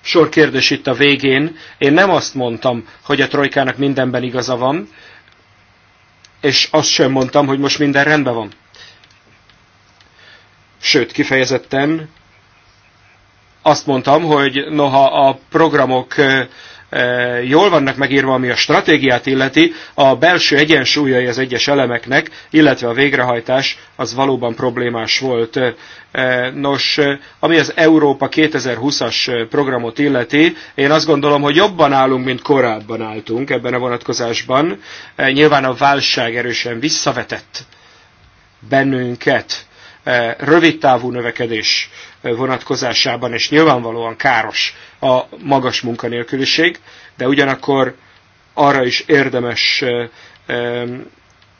S1: sor kérdés itt a végén. Én nem azt mondtam, hogy a trojkának mindenben igaza van, és azt sem mondtam, hogy most minden rendben van. Sőt, kifejezetten azt mondtam, hogy noha a programok Eh, jól vannak megírva, ami a stratégiát illeti, a belső egyensúlyai az egyes elemeknek, illetve a végrehajtás az valóban problémás volt. Eh, nos, ami az Európa 2020-as programot illeti, én azt gondolom, hogy jobban állunk, mint korábban álltunk ebben a vonatkozásban. Eh, nyilván a válság erősen visszavetett bennünket E, rövidtávú növekedés e, vonatkozásában, és nyilvánvalóan káros a magas munkanélküliség, de ugyanakkor arra is érdemes e,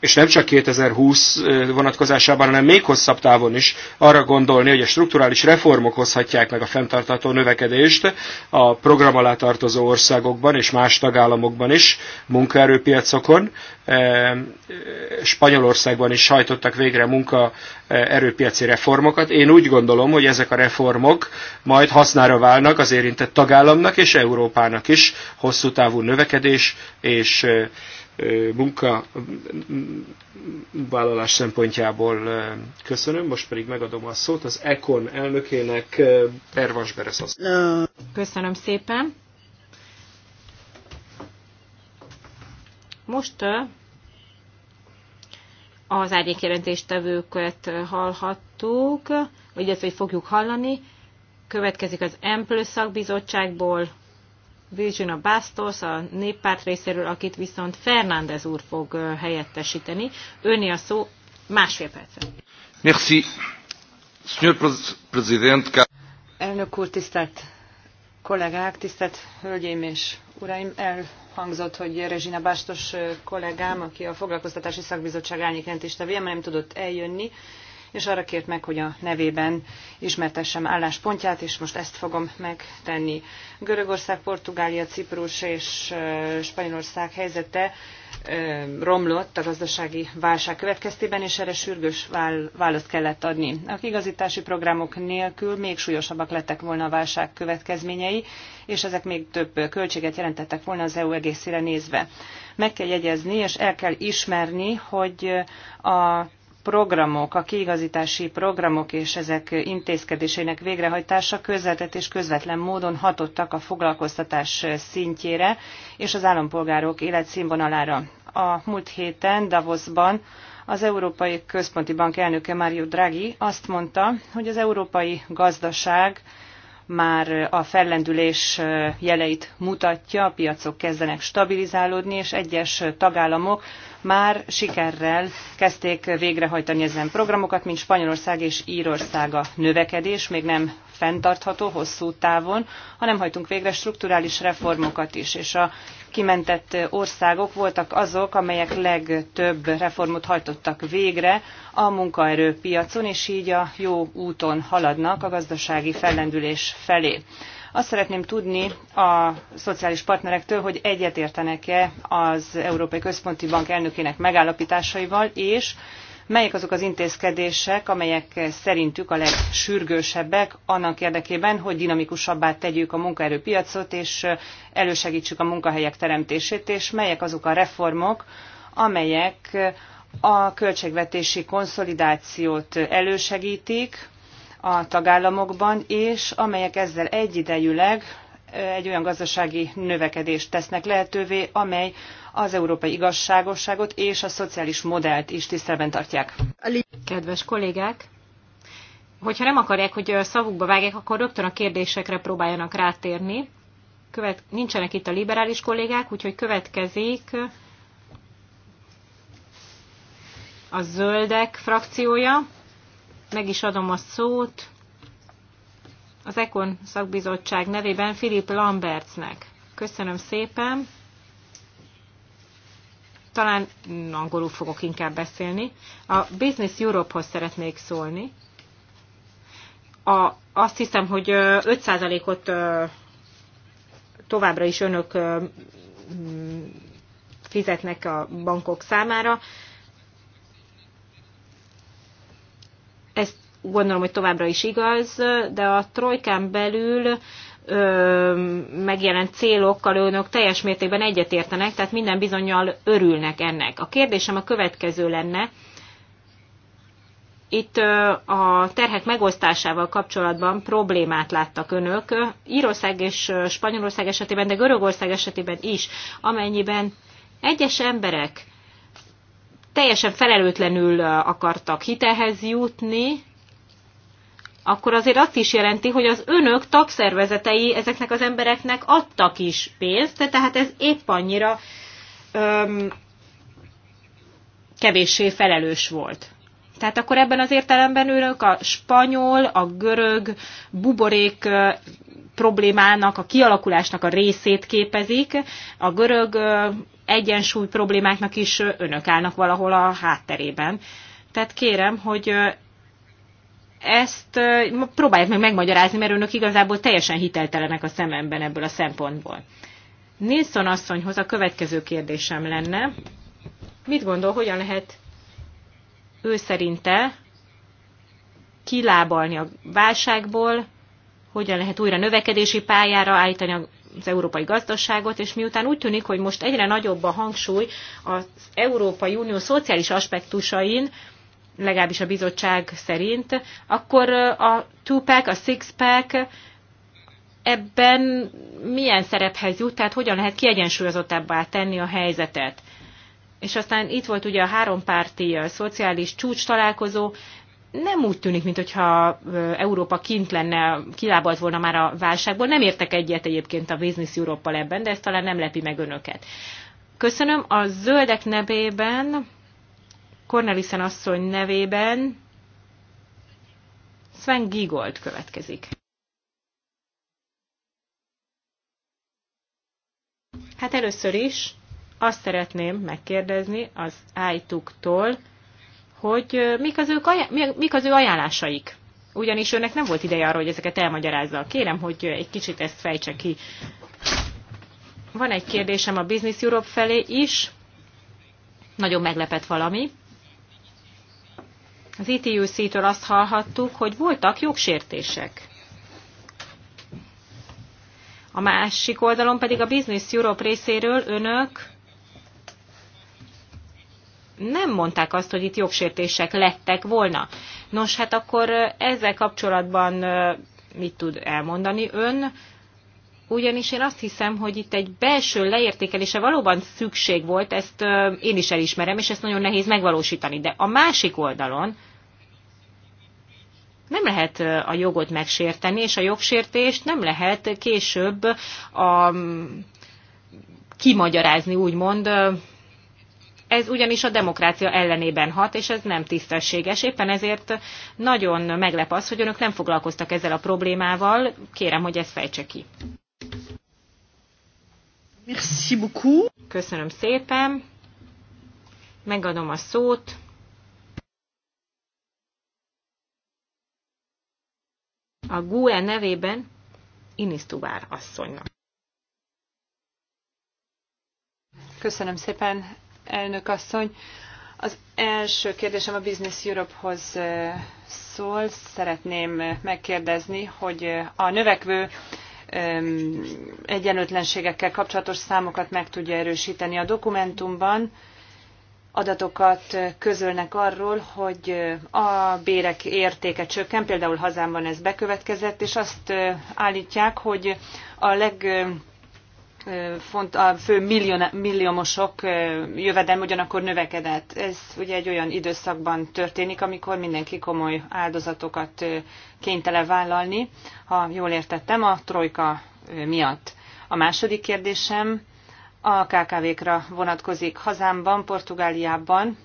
S1: és nem csak 2020 vonatkozásában, hanem még hosszabb távon is arra gondolni, hogy a strukturális reformok hozhatják meg a fenntartható növekedést a program alá tartozó országokban és más tagállamokban is, munkaerőpiacokon. Spanyolországban is hajtottak végre munkaerőpiaci reformokat. Én úgy gondolom, hogy ezek a reformok majd hasznára válnak az érintett tagállamnak és Európának is hosszú távú növekedés és munkavállalás szempontjából köszönöm, most pedig megadom a szót az ECON elnökének, Pervas Bereszasz.
S2: Köszönöm szépen. Most az árnyékjelentéstevőket hallhattuk, illetve hogy fogjuk hallani. Következik az M plusz szakbizottságból Virginia Bastos a néppárt részéről, akit viszont Fernández úr fog helyettesíteni. Őni a szó
S3: másfél percre.
S1: Merci. Senyor President,
S3: Elnök úr, tisztelt kollégák, tisztelt hölgyeim és uraim, elhangzott, hogy Rezsina Bástos kollégám, aki a foglalkoztatási szakbizottság is tevé, nem tudott eljönni, és arra kért meg, hogy a nevében ismertessem álláspontját, és most ezt fogom megtenni. Görögország, Portugália, Ciprus és Spanyolország helyzete romlott a gazdasági válság következtében, és erre sürgős választ kellett adni. A kigazítási programok nélkül még súlyosabbak lettek volna a válság következményei, és ezek még több költséget jelentettek volna az EU egészére nézve. Meg kell jegyezni, és el kell ismerni, hogy a programok, a kiigazítási programok és ezek intézkedéseinek végrehajtása közvetett és közvetlen módon hatottak a foglalkoztatás szintjére és az állampolgárok életszínvonalára. A múlt héten Davosban az Európai Központi Bank elnöke Mario Draghi azt mondta, hogy az európai gazdaság már a fellendülés jeleit mutatja, a piacok kezdenek stabilizálódni, és egyes tagállamok már sikerrel kezdték végrehajtani ezen programokat, mint Spanyolország és Írország a növekedés, még nem fenntartható hosszú távon, ha nem hajtunk végre strukturális reformokat is, és a kimentett országok voltak azok, amelyek legtöbb reformot hajtottak végre a munkaerőpiacon, és így a jó úton haladnak a gazdasági fellendülés felé. Azt szeretném tudni a szociális partnerektől, hogy egyetértenek-e az Európai Központi Bank elnökének megállapításaival, és melyek azok az intézkedések, amelyek szerintük a legsürgősebbek annak érdekében, hogy dinamikusabbá tegyük a munkaerőpiacot, és elősegítsük a munkahelyek teremtését, és melyek azok a reformok, amelyek a költségvetési konszolidációt elősegítik a tagállamokban, és amelyek ezzel egyidejűleg egy olyan gazdasági növekedést tesznek lehetővé, amely az európai igazságosságot és a szociális modellt is tisztelben tartják. Kedves kollégák! Hogyha nem akarják, hogy szavukba vágják, akkor rögtön
S2: a kérdésekre próbáljanak rátérni. Követ, nincsenek itt a liberális kollégák, úgyhogy következik a zöldek frakciója. Meg is adom a szót az Ekon szakbizottság nevében Filip Lambertsnek. Köszönöm szépen talán mm, angolul fogok inkább beszélni. A Business Europe-hoz szeretnék szólni. A, azt hiszem, hogy 5%-ot továbbra is önök fizetnek a bankok számára. Ezt gondolom, hogy továbbra is igaz, de a trojkán belül ö, megjelent célokkal önök teljes mértékben egyetértenek, tehát minden bizonyal örülnek ennek. A kérdésem a következő lenne, itt a terhek megosztásával kapcsolatban problémát láttak önök, Írország és Spanyolország esetében, de Görögország esetében is, amennyiben egyes emberek teljesen felelőtlenül akartak hitehez jutni, akkor azért azt is jelenti, hogy az önök tagszervezetei ezeknek az embereknek adtak is pénzt, tehát ez épp annyira öm, kevéssé felelős volt. Tehát akkor ebben az értelemben önök a spanyol, a görög buborék problémának, a kialakulásnak a részét képezik, a görög egyensúly problémáknak is önök állnak valahol a hátterében. Tehát kérem, hogy ezt próbálják meg megmagyarázni, mert önök igazából teljesen hiteltelenek a szememben ebből a szempontból. Nilsson asszonyhoz a következő kérdésem lenne. Mit gondol, hogyan lehet ő szerinte kilábalni a válságból, hogyan lehet újra növekedési pályára állítani az európai gazdaságot, és miután úgy tűnik, hogy most egyre nagyobb a hangsúly az Európai Unió szociális aspektusain, legalábbis a bizottság szerint, akkor a two-pack, a six-pack ebben milyen szerephez jut, tehát hogyan lehet kiegyensúlyozottabbá tenni a helyzetet. És aztán itt volt ugye a hárompárti a szociális csúcs találkozó, nem úgy tűnik, mintha Európa kint lenne, kilábalt volna már a válságból. Nem értek egyet egyébként a Business europe ebben, de ez talán nem lepi meg önöket. Köszönöm. A zöldek nevében Cornelissen asszony nevében Sven Gigold következik. Hát először is azt szeretném megkérdezni az ájtuktól, hogy mik az, ők, mik az ő ajánlásaik. Ugyanis őnek nem volt ideje arra, hogy ezeket elmagyarázza. Kérem, hogy egy kicsit ezt fejtse ki. Van egy kérdésem a Business Europe felé is. Nagyon meglepett valami az ITUC-től azt hallhattuk, hogy voltak jogsértések. A másik oldalon pedig a Business Europe részéről önök nem mondták azt, hogy itt jogsértések lettek volna. Nos, hát akkor ezzel kapcsolatban mit tud elmondani ön? ugyanis én azt hiszem, hogy itt egy belső leértékelése valóban szükség volt, ezt én is elismerem, és ezt nagyon nehéz megvalósítani. De a másik oldalon nem lehet a jogot megsérteni, és a jogsértést nem lehet később a, kimagyarázni, úgymond, ez ugyanis a demokrácia ellenében hat, és ez nem tisztességes. Éppen ezért nagyon meglep az, hogy önök nem foglalkoztak ezzel a problémával. Kérem, hogy ezt fejtse ki. Merci beaucoup. Köszönöm szépen. Megadom a szót. A GUE nevében Inisztubár asszonynak.
S3: Köszönöm szépen, elnök asszony. Az első kérdésem a Business Europe-hoz eh, szól. Szeretném megkérdezni, hogy eh, a növekvő egyenlőtlenségekkel kapcsolatos számokat meg tudja erősíteni. A dokumentumban adatokat közölnek arról, hogy a bérek értéke csökken, például hazámban ez bekövetkezett, és azt állítják, hogy a leg font, a fő millió, milliómosok jövedelm ugyanakkor növekedett. Ez ugye egy olyan időszakban történik, amikor mindenki komoly áldozatokat kénytele vállalni, ha jól értettem, a trojka miatt. A második kérdésem a KKV-kra vonatkozik hazámban, Portugáliában.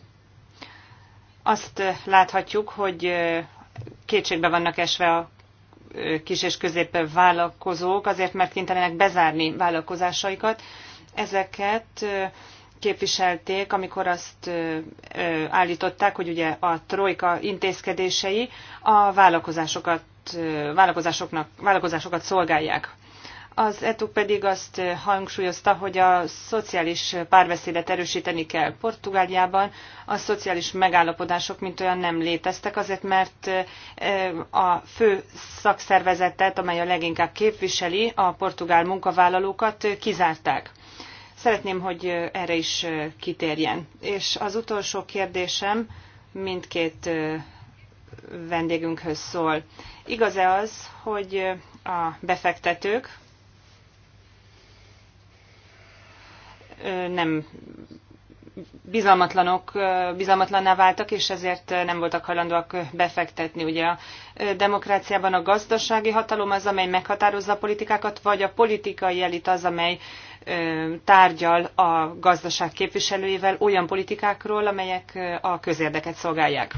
S3: Azt láthatjuk, hogy kétségbe vannak esve a kis és középvállalkozók, azért mert kénytelenek bezárni vállalkozásaikat. Ezeket képviselték, amikor azt állították, hogy ugye a trojka intézkedései a vállalkozásokat, vállalkozásoknak, vállalkozásokat szolgálják. Az ETU pedig azt hangsúlyozta, hogy a szociális párbeszédet erősíteni kell Portugáliában. A szociális megállapodások mint olyan nem léteztek, azért mert eh, a fő szakszervezetet, amely a leginkább képviseli a portugál munkavállalókat, eh, kizárták. Szeretném, hogy eh, erre is kitérjen. És az utolsó kérdésem mindkét vendégünkhöz szól. Igaz-e az, hogy a befektetők, nem bizalmatlanok, bizalmatlanná váltak, és ezért nem voltak hajlandóak befektetni. Ugye a demokráciában a gazdasági hatalom az, amely meghatározza a politikákat, vagy a politikai elit az, amely tárgyal a gazdaság képviselőivel olyan politikákról, amelyek a közérdeket szolgálják.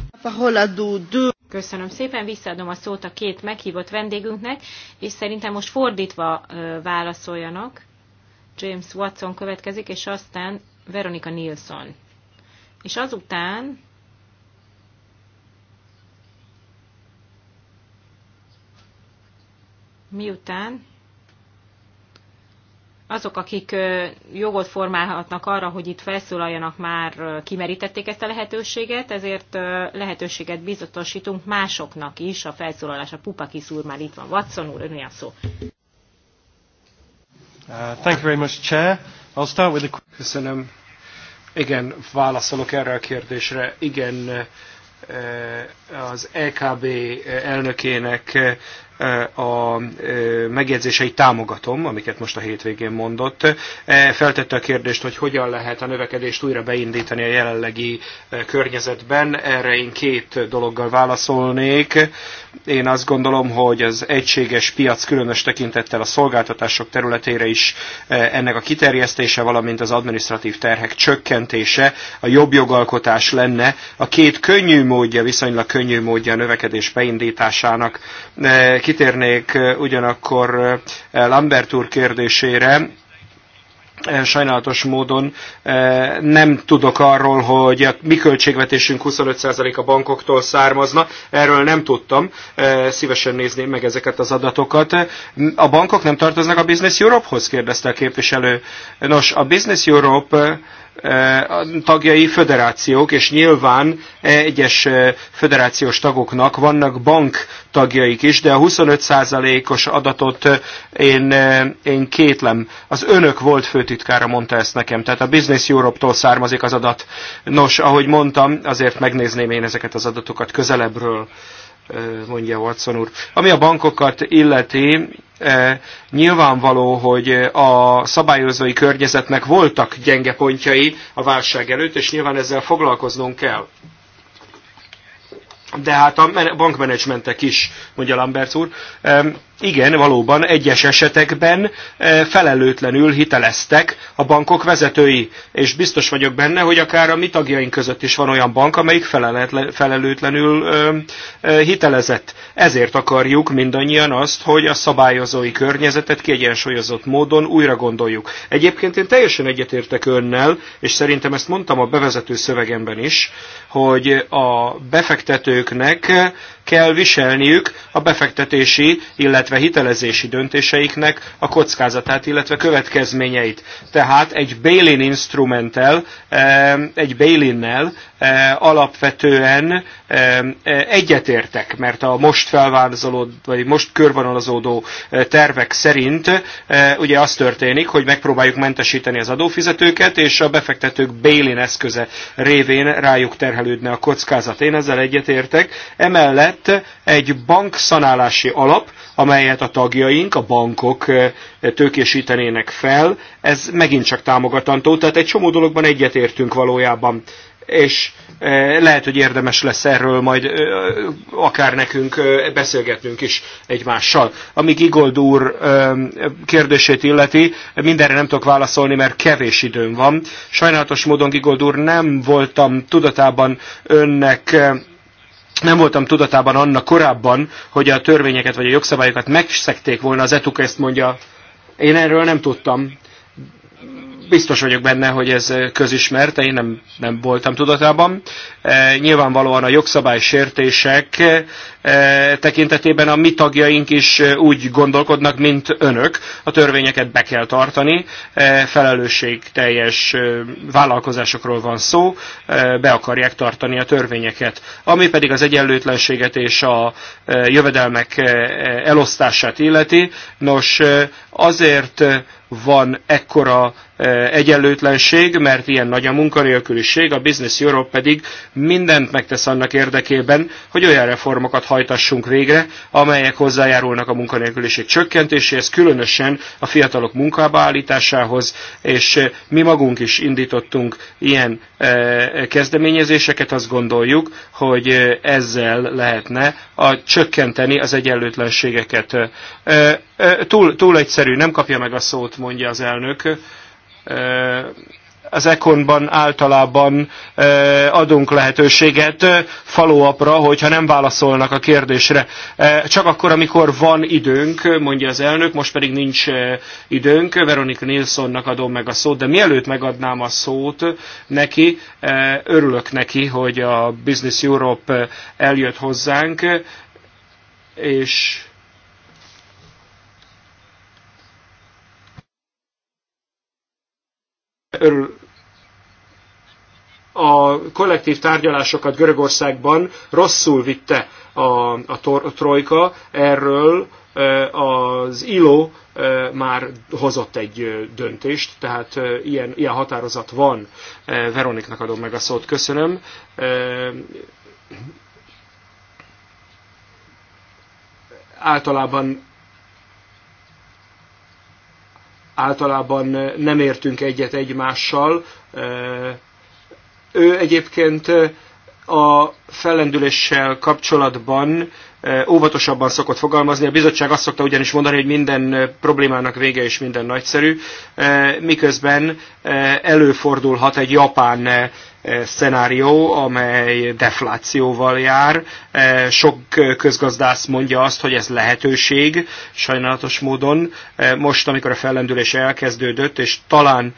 S2: Köszönöm szépen, visszaadom a szót a két meghívott vendégünknek, és szerintem most fordítva válaszoljanak. James Watson következik, és aztán Veronika Nilsson. És azután miután azok, akik jogot formálhatnak arra, hogy itt felszólaljanak, már kimerítették ezt a lehetőséget, ezért lehetőséget biztosítunk másoknak is a felszólalás. A pupa kiszúr már itt van, Watson úr, ön a szó.
S1: Uh, thank you very much, Chair. I'll start with the... Köszönöm. Igen, válaszolok erre a kérdésre. Igen, uh, az EKB uh, elnökének a megjegyzéseit támogatom, amiket most a hétvégén mondott. Feltette a kérdést, hogy hogyan lehet a növekedést újra beindítani a jelenlegi környezetben. Erre én két dologgal válaszolnék. Én azt gondolom, hogy az egységes piac különös tekintettel a szolgáltatások területére is ennek a kiterjesztése, valamint az administratív terhek csökkentése, a jobb jogalkotás lenne a két könnyű módja, viszonylag könnyű módja a növekedés beindításának Kitérnék eh, ugyanakkor eh, Lambert úr kérdésére, eh, sajnálatos módon nem tudok arról, hogy a mi költségvetésünk 25% a bankoktól származna, erről nem tudtam, szívesen nézném meg ezeket az adatokat. A bankok nem tartoznak a Business Europe-hoz, kérdezte a képviselő. Nos, a Business Europe tagjai föderációk, és nyilván egyes föderációs tagoknak vannak bank tagjaik is, de a 25%-os adatot én, én kétlem. Az önök volt főtitkára mondta ezt nekem, tehát a Business Europe-tól származik az adat. Nos, ahogy mondtam, azért megnézném én ezeket az adatokat közelebbről mondja Watson úr. Ami a bankokat illeti, nyilvánvaló, hogy a szabályozói környezetnek voltak gyenge pontjai a válság előtt, és nyilván ezzel foglalkoznunk kell. De hát a bankmenedzsmentek is, mondja Lambert úr igen, valóban egyes esetekben e, felelőtlenül hiteleztek a bankok vezetői, és biztos vagyok benne, hogy akár a mi tagjaink között is van olyan bank, amelyik felelőtlenül hitelezett. Ezért akarjuk mindannyian azt, hogy a szabályozói környezetet kiegyensúlyozott módon újra gondoljuk. Egyébként én teljesen egyetértek önnel, és szerintem ezt mondtam a bevezető szövegemben is, hogy a befektetőknek kell viselniük a befektetési, illetve hitelezési döntéseiknek a kockázatát, illetve következményeit. Tehát egy bail-in instrumenttel, egy bail-innel Eh, alapvetően eh, eh, egyetértek, mert a most felvázolódó, vagy most körvonalazódó tervek szerint ugye az történik, hogy megpróbáljuk mentesíteni az adófizetőket, és a befektetők Bélin eszköze révén rájuk terhelődne a kockázat. Én ezzel egyetértek. Emellett egy bankszanálási alap, amelyet a tagjaink, a bankok tőkésítenének fel, ez megint csak támogatantó, tehát egy csomó dologban egyetértünk valójában és eh, lehet, hogy érdemes lesz erről majd eh, akár nekünk eh, beszélgetnünk is egymással. Amíg Igold úr kérdését illeti, mindenre nem tudok válaszolni, mert kevés időm van. Sajnálatos módon Igold úr nem voltam tudatában önnek nem voltam tudatában annak korábban, hogy a törvényeket vagy a jogszabályokat megszekték volna az etuk, ezt mondja. Én erről nem tudtam. Biztos vagyok benne, hogy ez közismert, én nem, nem voltam tudatában. E, nyilvánvalóan a sértések e, e, tekintetében a mi tagjaink is e, úgy gondolkodnak, mint önök. A törvényeket be kell tartani, e, felelősségteljes e, vállalkozásokról van szó, e, be akarják tartani a törvényeket. Ami pedig az egyenlőtlenséget és a jövedelmek elosztását illeti, nos, Azért eh, van ekkora eh, egyenlőtlenség, mert ilyen nagy a munkanélküliség, a Business Europe pedig mindent megtesz annak érdekében, hogy olyan reformokat hajtassunk végre, amelyek hozzájárulnak a munkanélküliség csökkentéséhez, különösen a fiatalok munkába állításához, és eh, mi magunk is indítottunk ilyen kezdeményezéseket, azt gondoljuk, hogy ezzel lehetne a, csökkenteni az egyenlőtlenségeket. Túl, túl egyszerű, nem kapja meg a szót, mondja az elnök az ekonban általában adunk lehetőséget faluapra, hogyha nem válaszolnak a kérdésre. Csak akkor, amikor van időnk, mondja az elnök, most pedig nincs időnk, Veronika Nilssonnak adom meg a szót, de mielőtt megadnám a szót neki, örülök neki, hogy a Business Europe eljött hozzánk, és örül, a kollektív tárgyalásokat Görögországban rosszul vitte a, a, tor, a trojka, erről e, az ILO e, már hozott egy e, döntést, tehát ilyen, ilyen határozat van. Veroniknak adom meg a szót, köszönöm. Általában általában nem értünk egyet egymással, ő egyébként a fellendüléssel kapcsolatban óvatosabban szokott fogalmazni. A bizottság azt szokta ugyanis mondani, hogy minden problémának vége és minden nagyszerű, miközben előfordulhat egy japán szenárió, amely deflációval jár. Sok közgazdász mondja azt, hogy ez lehetőség, sajnálatos módon. Most, amikor a fellendülés elkezdődött, és talán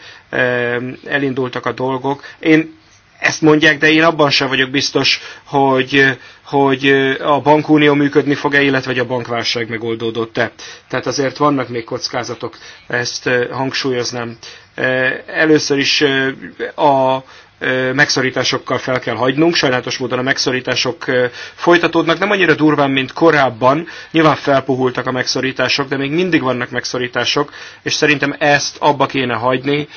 S1: elindultak a dolgok, én ezt mondják, de én abban sem vagyok biztos, hogy, hogy a bankunió működni fog-e, illetve hogy a bankválság megoldódott-e. Tehát azért vannak még kockázatok, ezt eh, hangsúlyoznám. Eh, először is eh, a megszorításokkal fel kell hagynunk. Sajnálatos módon a megszorítások folytatódnak, nem annyira durván, mint korábban. Nyilván felpuhultak a megszorítások, de még mindig vannak megszorítások, és szerintem ezt abba kéne hagyni,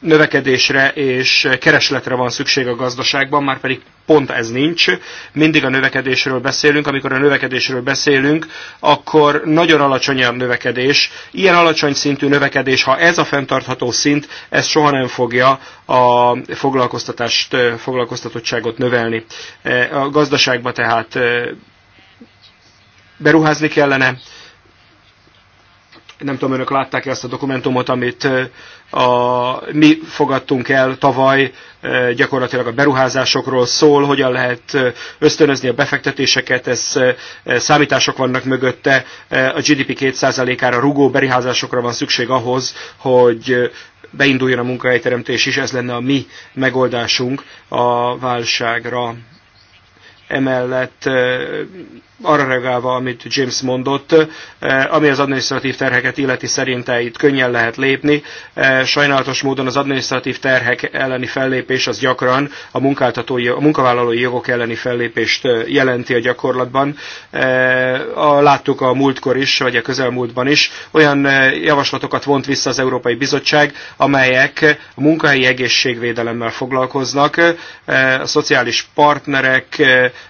S1: növekedésre és keresletre van szükség a gazdaságban, már pedig pont ez nincs. Mindig a növekedésről beszélünk, amikor a növekedésről beszélünk, akkor nagyon alacsony a növekedés. Ilyen alacsony szintű növekedés, ha ez a fenntartható szint, ez soha nem fogja a foglalkoztatást, foglalkoztatottságot növelni. A gazdaságba tehát eh, beruházni kellene, nem tudom, önök látták ezt a dokumentumot, amit a, mi fogadtunk el tavaly, gyakorlatilag a beruházásokról szól, hogyan lehet ösztönözni a befektetéseket, ez számítások vannak mögötte, a GDP 2%-ára rugó beruházásokra van szükség ahhoz, hogy beinduljon a munkahelyteremtés is, ez lenne a mi megoldásunk a válságra emellett arra reagálva, amit James mondott, ami az adminisztratív terheket illeti szerinte itt könnyen lehet lépni. Sajnálatos módon az adminisztratív terhek elleni fellépés az gyakran a, munkáltatói, a munkavállalói jogok elleni fellépést jelenti a gyakorlatban. Láttuk a múltkor is, vagy a közelmúltban is, olyan javaslatokat vont vissza az Európai Bizottság, amelyek a munkahelyi egészségvédelemmel foglalkoznak, a szociális partnerek,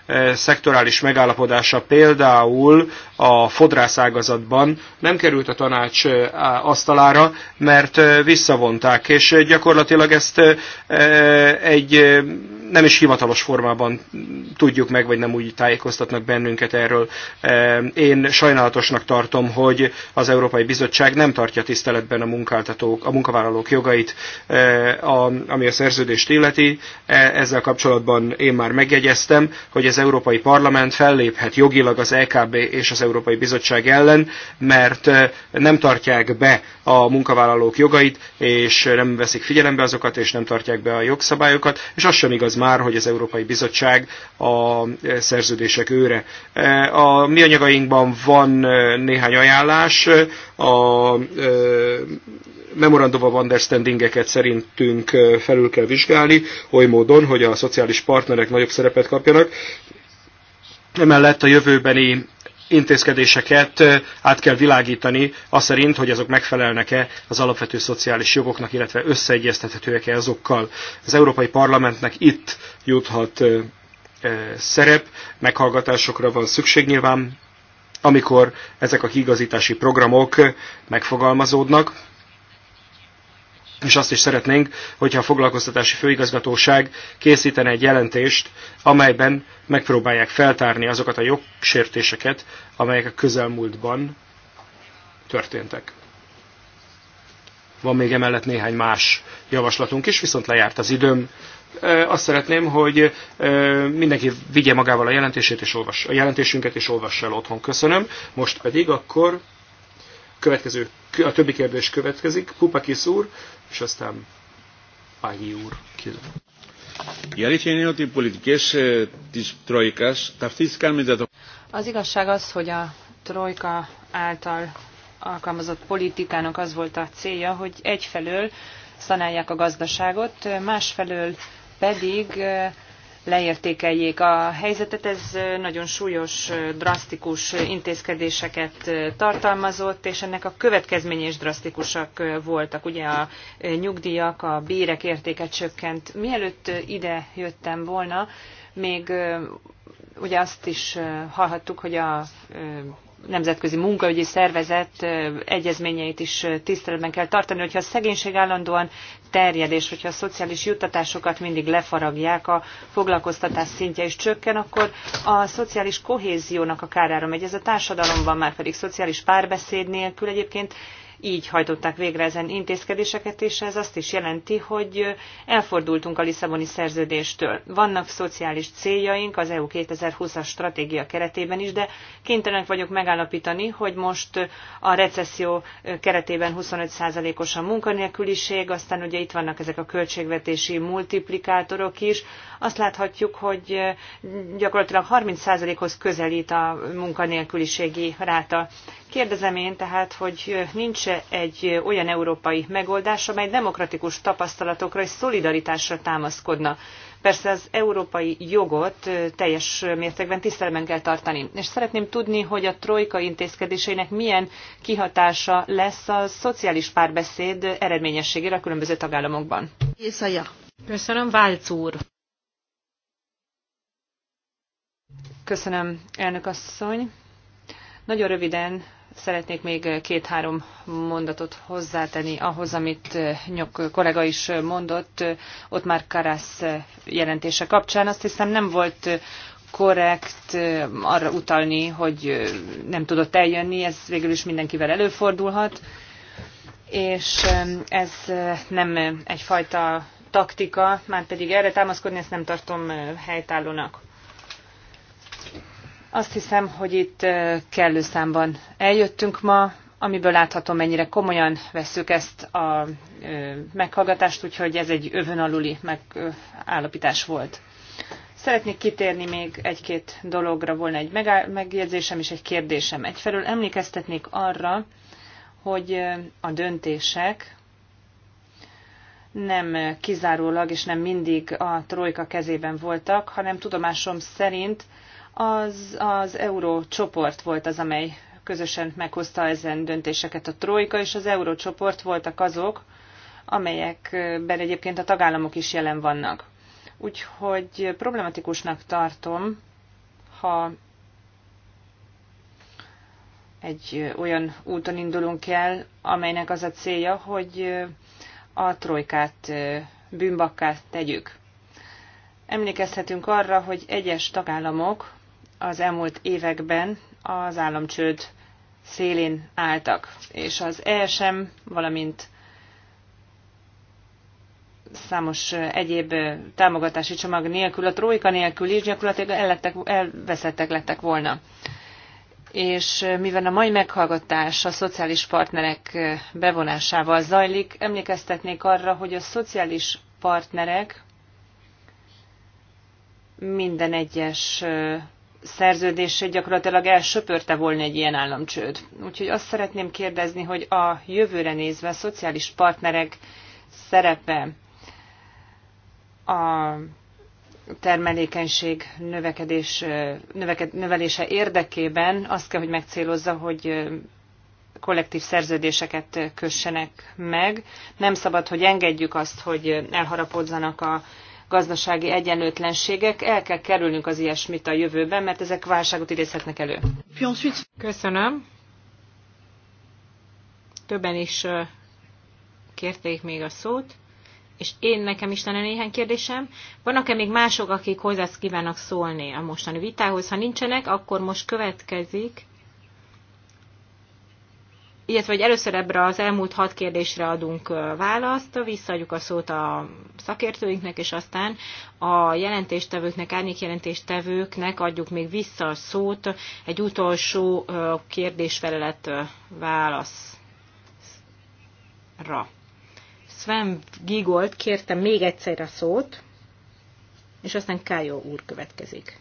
S1: E, szektorális megállapodása például a fodrászágazatban nem került a tanács e, asztalára, mert e, visszavonták, és gyakorlatilag ezt egy nem is hivatalos formában tudjuk meg, vagy nem úgy tájékoztatnak bennünket erről. Én sajnálatosnak tartom, hogy az Európai Bizottság nem tartja tiszteletben a munkáltatók, a munkavállalók jogait, ami a szerződést illeti. E, ezzel kapcsolatban én már megjegyeztem, hogy az Európai Parlament felléphet jogilag az EKB és az Európai Bizottság ellen, mert nem tartják be a munkavállalók jogait, és nem veszik figyelembe azokat, és nem tartják be a jogszabályokat, és az sem igaz már, hogy az Európai Bizottság a e, szerződések őre. E, a mi anyagainkban van e, néhány ajánlás, a memorandum of understandingeket szerintünk felül kell vizsgálni, oly módon, hogy a szociális partnerek nagyobb szerepet kapjanak. Emellett a jövőbeni intézkedéseket át kell világítani, az szerint, hogy azok megfelelnek-e az alapvető szociális jogoknak, illetve összeegyeztethetőek-e azokkal. Az Európai Parlamentnek itt juthat szerep, meghallgatásokra van szükség nyilván, amikor ezek a kigazítási programok megfogalmazódnak, és azt is szeretnénk, hogyha a foglalkoztatási főigazgatóság készítene egy jelentést, amelyben megpróbálják feltárni azokat a jogsértéseket, amelyek a közelmúltban történtek. Van még emellett néhány más javaslatunk is, viszont lejárt az időm. Azt szeretném, hogy mindenki vigye magával a jelentését és olvas, a jelentésünket és olvassa el otthon. Köszönöm. Most pedig akkor következő, a többi kérdés következik. Pupakis úr, és aztán Pagyi úr. Kérdez. Η αλήθεια είναι ότι οι πολιτικές ε, ταυτίστηκαν με τα...
S3: Az igazság az, hogy a Trojka által alkalmazott politikának az volt a célja, hogy egyfelől szanálják a gazdaságot, másfelől pedig leértékeljék a helyzetet. Ez nagyon súlyos, drasztikus intézkedéseket tartalmazott, és ennek a következménye is drasztikusak voltak. Ugye a nyugdíjak, a bérek értéke csökkent. Mielőtt ide jöttem volna, még ugye azt is hallhattuk, hogy a nemzetközi munkaügyi szervezet egyezményeit is tiszteletben kell tartani, hogyha a szegénység állandóan terjed, és hogyha a szociális juttatásokat mindig lefaragják, a foglalkoztatás szintje is csökken, akkor a szociális kohéziónak a kárára megy. Ez a társadalomban már pedig szociális párbeszéd nélkül egyébként így hajtották végre ezen intézkedéseket, és ez azt is jelenti, hogy elfordultunk a Lisszaboni szerződéstől. Vannak szociális céljaink az EU 2020-as stratégia keretében is, de kénytelenek vagyok megállapítani, hogy most a recesszió keretében 25%-os a munkanélküliség, aztán ugye itt vannak ezek a költségvetési multiplikátorok is. Azt láthatjuk, hogy gyakorlatilag 30%-hoz közelít a munkanélküliségi ráta. Kérdezem én tehát, hogy nincs egy olyan európai megoldás, amely demokratikus tapasztalatokra és szolidaritásra támaszkodna. Persze az európai jogot teljes mértékben tiszteletben kell tartani. És szeretném tudni, hogy a trojka intézkedéseinek milyen kihatása lesz a szociális párbeszéd eredményességére a különböző tagállamokban. Iszaja. Köszönöm, Válc úr. Köszönöm, elnök asszony. Nagyon röviden Szeretnék még két-három mondatot hozzátenni ahhoz, amit Nyok kollega is mondott, ott már Karász jelentése kapcsán. Azt hiszem nem volt korrekt arra utalni, hogy nem tudott eljönni, ez végül is mindenkivel előfordulhat, és ez nem egyfajta taktika, már pedig erre támaszkodni ezt nem tartom helytállónak. Azt hiszem, hogy itt kellő számban eljöttünk ma, amiből láthatom, mennyire komolyan vesszük ezt a meghallgatást, úgyhogy ez egy övön aluli megállapítás volt. Szeretnék kitérni még egy-két dologra, volna egy megjegyzésem és egy kérdésem. Egyfelől emlékeztetnék arra, hogy a döntések nem kizárólag és nem mindig a trojka kezében voltak, hanem tudomásom szerint az, az eurócsoport volt az, amely közösen meghozta ezen döntéseket. A Trojka és az eurócsoport voltak azok, amelyekben egyébként a tagállamok is jelen vannak. Úgyhogy problematikusnak tartom, ha egy olyan úton indulunk el, amelynek az a célja, hogy a trojkát bűnbakká tegyük. Emlékezhetünk arra, hogy egyes tagállamok az elmúlt években az államcsőd szélén álltak, és az ESM, valamint számos egyéb támogatási csomag nélkül, a trójka nélkül is gyakorlatilag ellettek, elveszettek lettek volna. És mivel a mai meghallgatás a szociális partnerek bevonásával zajlik, emlékeztetnék arra, hogy a szociális partnerek minden egyes szerződés gyakorlatilag elsöpörte volna egy ilyen államcsőd. Úgyhogy azt szeretném kérdezni, hogy a jövőre nézve a szociális partnerek szerepe a termelékenység növekedés, növeked, növelése érdekében azt kell, hogy megcélozza, hogy kollektív szerződéseket kössenek meg. Nem szabad, hogy engedjük azt, hogy elharapodzanak a gazdasági egyenlőtlenségek. El kell kerülnünk az ilyesmit a jövőben, mert ezek válságot idézhetnek elő.
S2: Köszönöm. Többen is kérték még a szót, és én nekem is lenne néhány kérdésem. Vannak-e még mások, akik hozzá kívánnak szólni a mostani vitához? Ha nincsenek, akkor most következik illetve hogy először ebbre az elmúlt hat kérdésre adunk választ, visszaadjuk a szót a szakértőinknek, és aztán a jelentéstevőknek, árnyékjelentéstevőknek adjuk még vissza a szót egy utolsó kérdésfelelet válaszra. Sven Gigolt kérte még egyszer a szót, és aztán Kájó úr következik.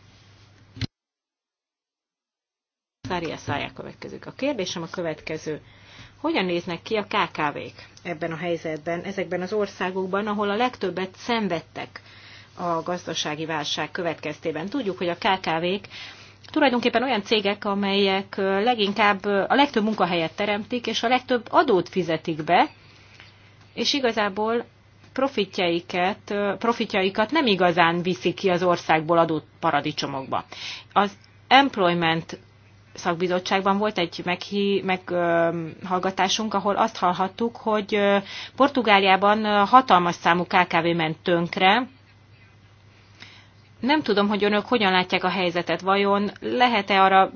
S2: Fária szájá következik. A kérdésem a következő. Hogyan néznek ki a KKV-k ebben a helyzetben, ezekben az országokban, ahol a legtöbbet szenvedtek a gazdasági válság következtében? Tudjuk, hogy a KKV-k tulajdonképpen olyan cégek, amelyek leginkább a legtöbb munkahelyet teremtik, és a legtöbb adót fizetik be, és igazából profitjaikat, profitjaikat nem igazán viszik ki az országból adott paradicsomokba. Az employment szakbizottságban volt egy meghallgatásunk, ahol azt hallhattuk, hogy Portugáliában hatalmas számú KKV ment tönkre. Nem tudom, hogy önök hogyan látják a helyzetet, vajon lehet-e arra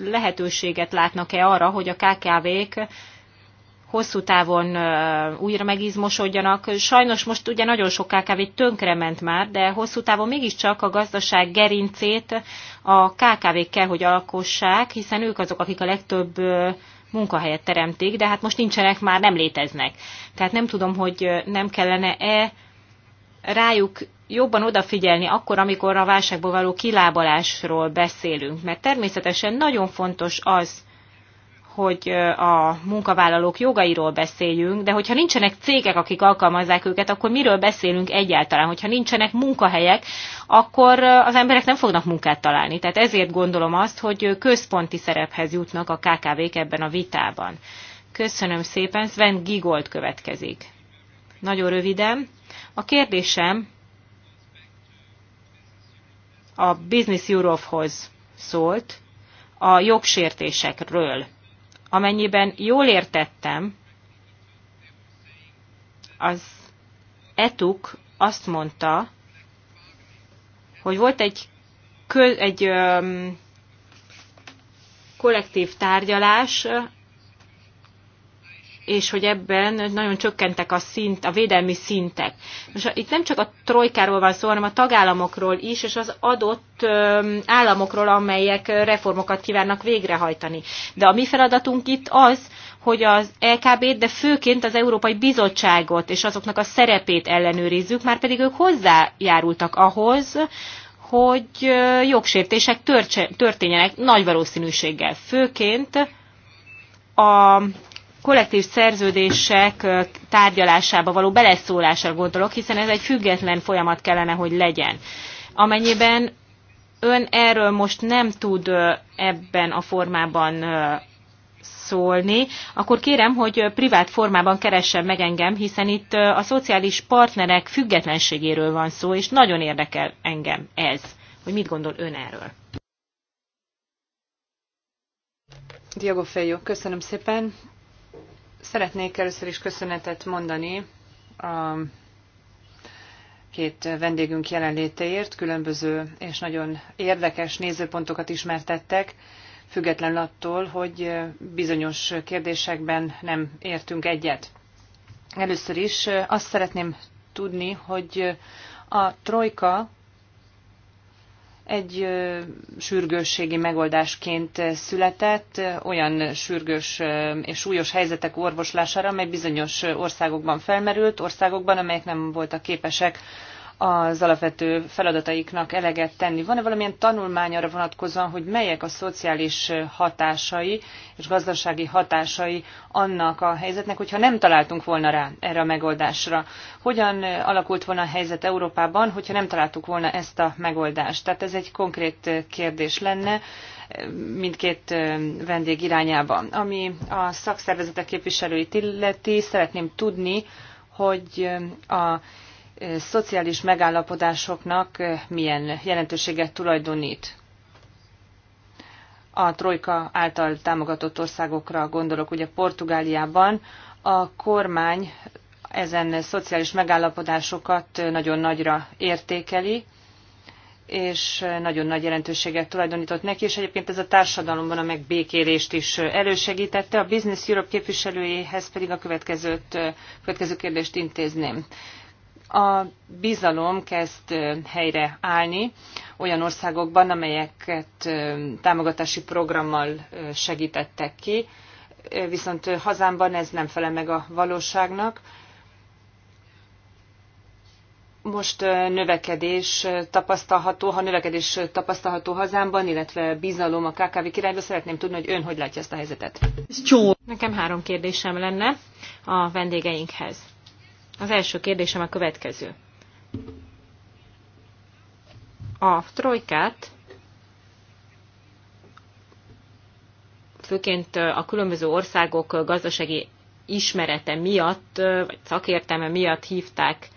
S2: lehetőséget látnak-e arra, hogy a KKV-k hosszú távon újra megizmosodjanak. Sajnos most ugye nagyon sok KKV tönkrement már, de hosszú távon mégiscsak a gazdaság gerincét a kkv kell, hogy alkossák, hiszen ők azok, akik a legtöbb munkahelyet teremtik, de hát most nincsenek, már nem léteznek. Tehát nem tudom, hogy nem kellene-e rájuk jobban odafigyelni akkor, amikor a válságból való kilábalásról beszélünk, mert természetesen nagyon fontos az, hogy a munkavállalók jogairól beszéljünk, de hogyha nincsenek cégek, akik alkalmazzák őket, akkor miről beszélünk egyáltalán? Hogyha nincsenek munkahelyek, akkor az emberek nem fognak munkát találni. Tehát ezért gondolom azt, hogy központi szerephez jutnak a KKV-k ebben a vitában. Köszönöm szépen, Sven Gigold következik. Nagyon röviden. A kérdésem a Business Europe-hoz szólt a jogsértésekről Amennyiben jól értettem, az Etuk azt mondta, hogy volt egy, kö, egy öm, kollektív tárgyalás és hogy ebben nagyon csökkentek a szint, a védelmi szintek. Most itt nem csak a trojkáról van szó, hanem a tagállamokról is, és az adott államokról, amelyek reformokat kívánnak végrehajtani. De a mi feladatunk itt az, hogy az LKB-t, de főként az Európai Bizottságot és azoknak a szerepét ellenőrizzük, már pedig ők hozzájárultak ahhoz, hogy jogsértések történjenek nagy valószínűséggel. Főként a kollektív szerződések tárgyalásába való beleszólásra gondolok, hiszen ez egy független folyamat kellene, hogy legyen. Amennyiben ön erről most nem tud ebben a formában szólni, akkor kérem, hogy privát formában keressen meg engem, hiszen itt a szociális partnerek függetlenségéről van szó, és nagyon érdekel engem ez, hogy mit gondol ön erről.
S3: Diago Fejo, köszönöm szépen. Szeretnék először is köszönetet mondani a két vendégünk jelenlétéért. Különböző és nagyon érdekes nézőpontokat ismertettek, független attól, hogy bizonyos kérdésekben nem értünk egyet. Először is azt szeretném tudni, hogy a trojka egy sürgősségi megoldásként született olyan sürgős és súlyos helyzetek orvoslására, amely bizonyos országokban felmerült, országokban, amelyek nem voltak képesek az alapvető feladataiknak eleget tenni. Van-e valamilyen tanulmány arra vonatkozóan, hogy melyek a szociális hatásai és gazdasági hatásai annak a helyzetnek, hogyha nem találtunk volna rá erre a megoldásra? Hogyan alakult volna a helyzet Európában, hogyha nem találtuk volna ezt a megoldást? Tehát ez egy konkrét kérdés lenne mindkét vendég irányába. Ami a szakszervezetek képviselőit illeti, szeretném tudni, hogy a szociális megállapodásoknak milyen jelentőséget tulajdonít. A Trojka által támogatott országokra gondolok, ugye Portugáliában a kormány ezen szociális megállapodásokat nagyon nagyra értékeli, és nagyon nagy jelentőséget tulajdonított neki, és egyébként ez a társadalomban a megbékélést is elősegítette. A Business Europe képviselőjéhez pedig a következőt, következő kérdést intézném a bizalom kezd helyre állni olyan országokban, amelyeket támogatási programmal segítettek ki, viszont hazámban ez nem felel meg a valóságnak. Most növekedés tapasztalható, ha növekedés tapasztalható hazámban, illetve bizalom a KKV irányba, szeretném tudni, hogy ön hogy látja ezt a helyzetet.
S2: Nekem három kérdésem lenne a vendégeinkhez. Az első kérdésem a következő. A trojkát főként a különböző országok gazdasági ismerete miatt, vagy szakértelme miatt hívták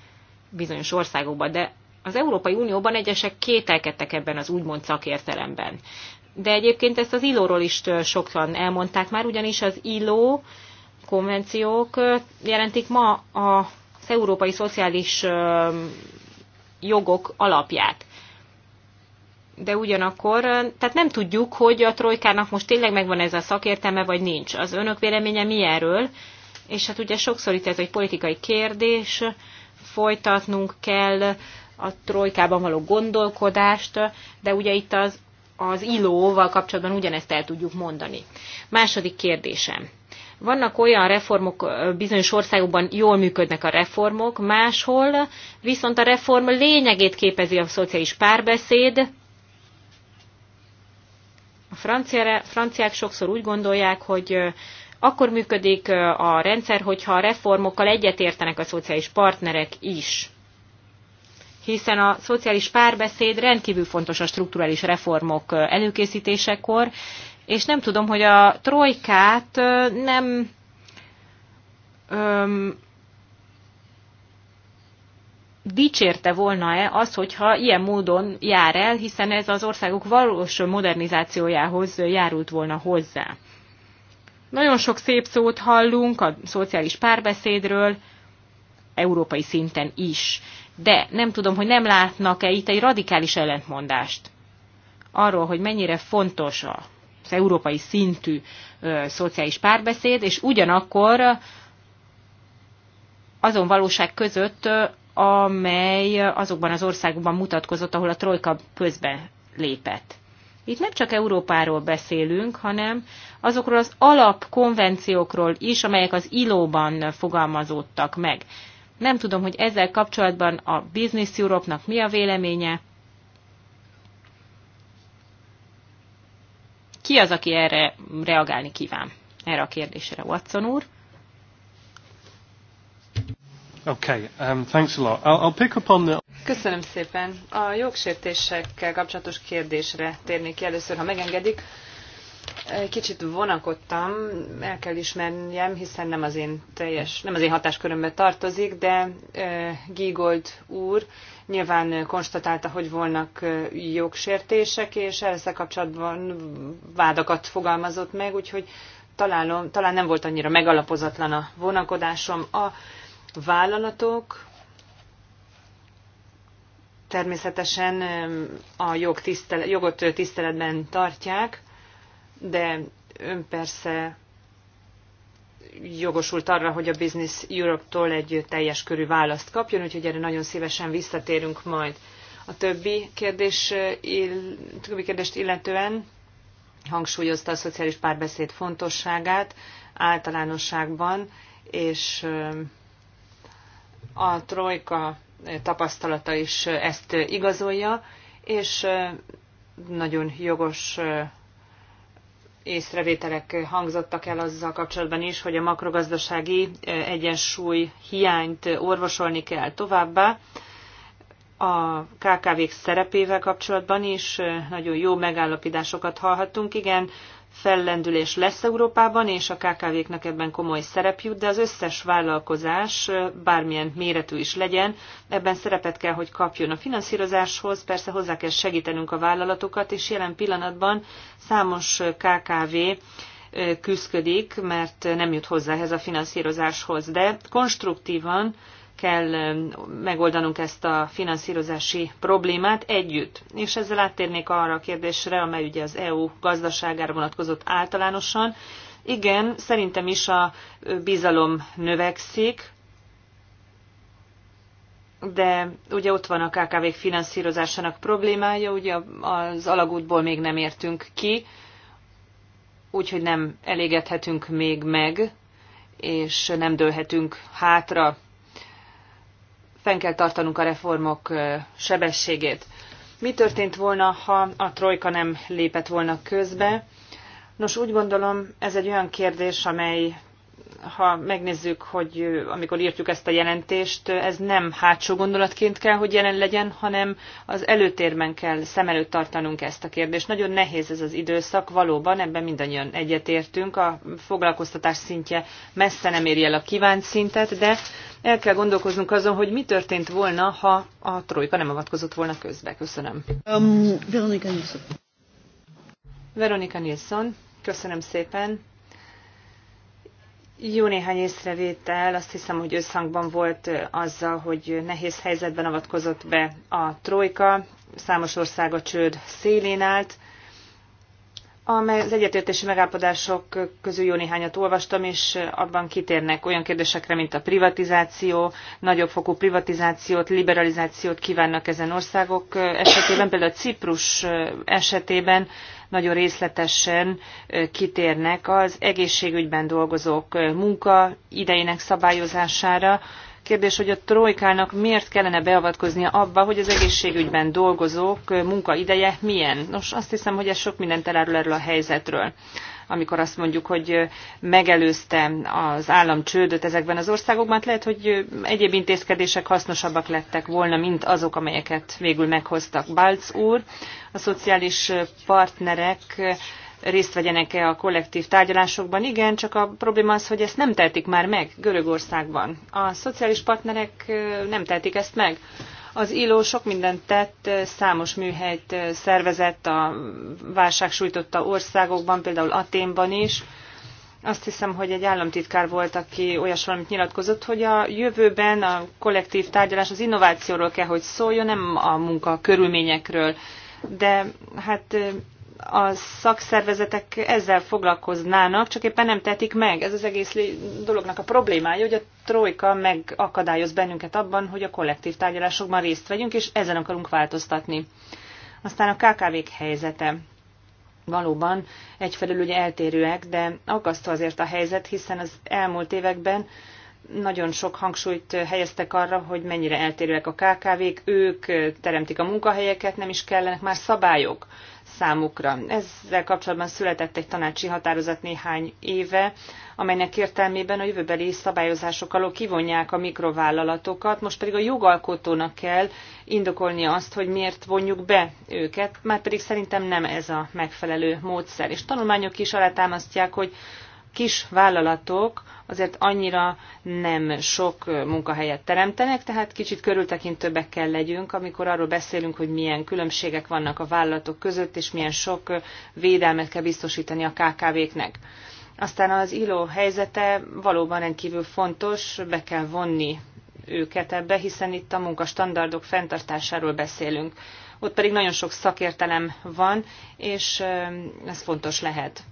S2: bizonyos országokba, de az Európai Unióban egyesek kételkedtek ebben az úgymond szakértelemben. De egyébként ezt az ILO-ról is sokan elmondták már, ugyanis az ILO konvenciók jelentik ma a az európai szociális jogok alapját. De ugyanakkor, tehát nem tudjuk, hogy a trojkának most tényleg megvan ez a szakértelme, vagy nincs. Az önök véleménye mi erről? És hát ugye sokszor itt ez egy politikai kérdés, folytatnunk kell a trojkában való gondolkodást, de ugye itt az, az ilóval kapcsolatban ugyanezt el tudjuk mondani. Második kérdésem. Vannak olyan reformok, bizonyos országokban jól működnek a reformok, máshol viszont a reform lényegét képezi a szociális párbeszéd. A franciák sokszor úgy gondolják, hogy akkor működik a rendszer, hogyha a reformokkal egyetértenek a szociális partnerek is hiszen a szociális párbeszéd rendkívül fontos a strukturális reformok előkészítésekor, és nem tudom, hogy a trojkát nem öm, dicsérte volna-e az, hogyha ilyen módon jár el, hiszen ez az országok valós modernizációjához járult volna hozzá. Nagyon sok szép szót hallunk a szociális párbeszédről, európai szinten is. De nem tudom, hogy nem látnak-e itt egy radikális ellentmondást arról, hogy mennyire fontos a az európai szintű ö, szociális párbeszéd, és ugyanakkor azon valóság között, amely azokban az országokban mutatkozott, ahol a trojka közbe lépett. Itt nem csak Európáról beszélünk, hanem azokról az alapkonvenciókról is, amelyek az ILO-ban fogalmazódtak meg. Nem tudom, hogy ezzel kapcsolatban a Business Europe-nak mi a véleménye, Ki az, aki erre reagálni kíván? Erre a kérdésre, Watson úr. Okay, um, thanks a lot. I'll, I'll pick up on the...
S3: Köszönöm szépen. A jogsértésekkel kapcsolatos kérdésre térnék ki először, ha megengedik. Kicsit vonakodtam, el kell ismerjem, hiszen nem az én teljes, nem az én hatáskörömbe tartozik, de Gigold úr nyilván konstatálta, hogy volnak jogsértések, és ezzel kapcsolatban vádakat fogalmazott meg, úgyhogy találom, talán nem volt annyira megalapozatlan a vonakodásom. A vállalatok természetesen a jog tisztelet, jogot tiszteletben tartják, de ön persze jogosult arra, hogy a Business Europe-tól egy teljes körű választ kapjon, úgyhogy erre nagyon szívesen visszatérünk majd. A többi, kérdés, ill, többi kérdést illetően hangsúlyozta a szociális párbeszéd fontosságát általánosságban, és a trojka tapasztalata is ezt igazolja, és nagyon jogos észrevételek hangzottak el azzal kapcsolatban is, hogy a makrogazdasági egyensúly hiányt orvosolni kell továbbá. A KKV-k szerepével kapcsolatban is nagyon jó megállapításokat hallhattunk. Igen, fellendülés lesz Európában, és a KKV-knak ebben komoly szerep jut, de az összes vállalkozás, bármilyen méretű is legyen, ebben szerepet kell, hogy kapjon a finanszírozáshoz, persze hozzá kell segítenünk a vállalatokat, és jelen pillanatban számos KKV küzdködik, mert nem jut hozzá ehhez a finanszírozáshoz, de konstruktívan kell megoldanunk ezt a finanszírozási problémát együtt. És ezzel áttérnék arra a kérdésre, amely ugye az EU gazdaságára vonatkozott általánosan. Igen, szerintem is a bizalom növekszik, de ugye ott van a KKV-k finanszírozásának problémája, ugye az alagútból még nem értünk ki, úgyhogy nem elégedhetünk még meg, és nem dőlhetünk hátra fenn kell tartanunk a reformok sebességét. Mi történt volna, ha a trojka nem lépett volna közbe? Nos, úgy gondolom, ez egy olyan kérdés, amely ha megnézzük, hogy amikor írtjuk ezt a jelentést, ez nem hátsó gondolatként kell, hogy jelen legyen, hanem az előtérben kell szem előtt tartanunk ezt a kérdést. Nagyon nehéz ez az időszak, valóban ebben mindannyian egyetértünk, a foglalkoztatás szintje messze nem éri el a kívánt szintet, de el kell gondolkoznunk azon, hogy mi történt volna, ha a trojka nem avatkozott volna közbe. Köszönöm. Um, Veronika Nilsson. Veronika Nilsson, köszönöm szépen. Jó néhány észrevétel, azt hiszem, hogy összhangban volt azzal, hogy nehéz helyzetben avatkozott be a trojka, számos ország a csőd szélén állt, amely az egyetértési megállapodások közül jó néhányat olvastam, és abban kitérnek olyan kérdésekre, mint a privatizáció, nagyobb fokú privatizációt, liberalizációt kívánnak ezen országok esetében, például a Ciprus esetében nagyon részletesen kitérnek az egészségügyben dolgozók munka idejének szabályozására, Kérdés, hogy a trojkának miért kellene beavatkoznia abba, hogy az egészségügyben dolgozók munkaideje milyen? Nos, azt hiszem, hogy ez sok mindent elárul erről a helyzetről amikor azt mondjuk, hogy megelőzte az állam csődöt ezekben az országokban, hát lehet, hogy egyéb intézkedések hasznosabbak lettek volna, mint azok, amelyeket végül meghoztak. Balc úr, a szociális partnerek részt vegyenek-e a kollektív tárgyalásokban. Igen, csak a probléma az, hogy ezt nem tehetik már meg Görögországban. A szociális partnerek nem tehetik ezt meg. Az ILO sok mindent tett, számos műhelyt szervezett a válság sújtotta országokban, például Aténban is. Azt hiszem, hogy egy államtitkár volt, aki olyas valamit nyilatkozott, hogy a jövőben a kollektív tárgyalás az innovációról kell, hogy szóljon, nem a munka körülményekről. De hát a szakszervezetek ezzel foglalkoznának, csak éppen nem tetik meg. Ez az egész dolognak a problémája, hogy a trojka megakadályoz bennünket abban, hogy a kollektív tárgyalásokban részt vegyünk, és ezen akarunk változtatni. Aztán a KKV-k helyzete. Valóban egyfelől ugye eltérőek, de aggasztó azért a helyzet, hiszen az elmúlt években nagyon sok hangsúlyt helyeztek arra, hogy mennyire eltérőek a KKV-k, ők teremtik a munkahelyeket, nem is kellenek már szabályok számukra. Ezzel kapcsolatban született egy tanácsi határozat néhány éve, amelynek értelmében a jövőbeli szabályozások alól kivonják a mikrovállalatokat, most pedig a jogalkotónak kell indokolni azt, hogy miért vonjuk be őket, már pedig szerintem nem ez a megfelelő módszer. És tanulmányok is alátámasztják, hogy kis vállalatok azért annyira nem sok munkahelyet teremtenek, tehát kicsit körültekintőbbek kell legyünk, amikor arról beszélünk, hogy milyen különbségek vannak a vállalatok között, és milyen sok védelmet kell biztosítani a KKV-knek. Aztán az ILO helyzete valóban rendkívül fontos, be kell vonni őket ebbe, hiszen itt a munkastandardok fenntartásáról beszélünk. Ott pedig nagyon sok szakértelem van, és ez fontos lehet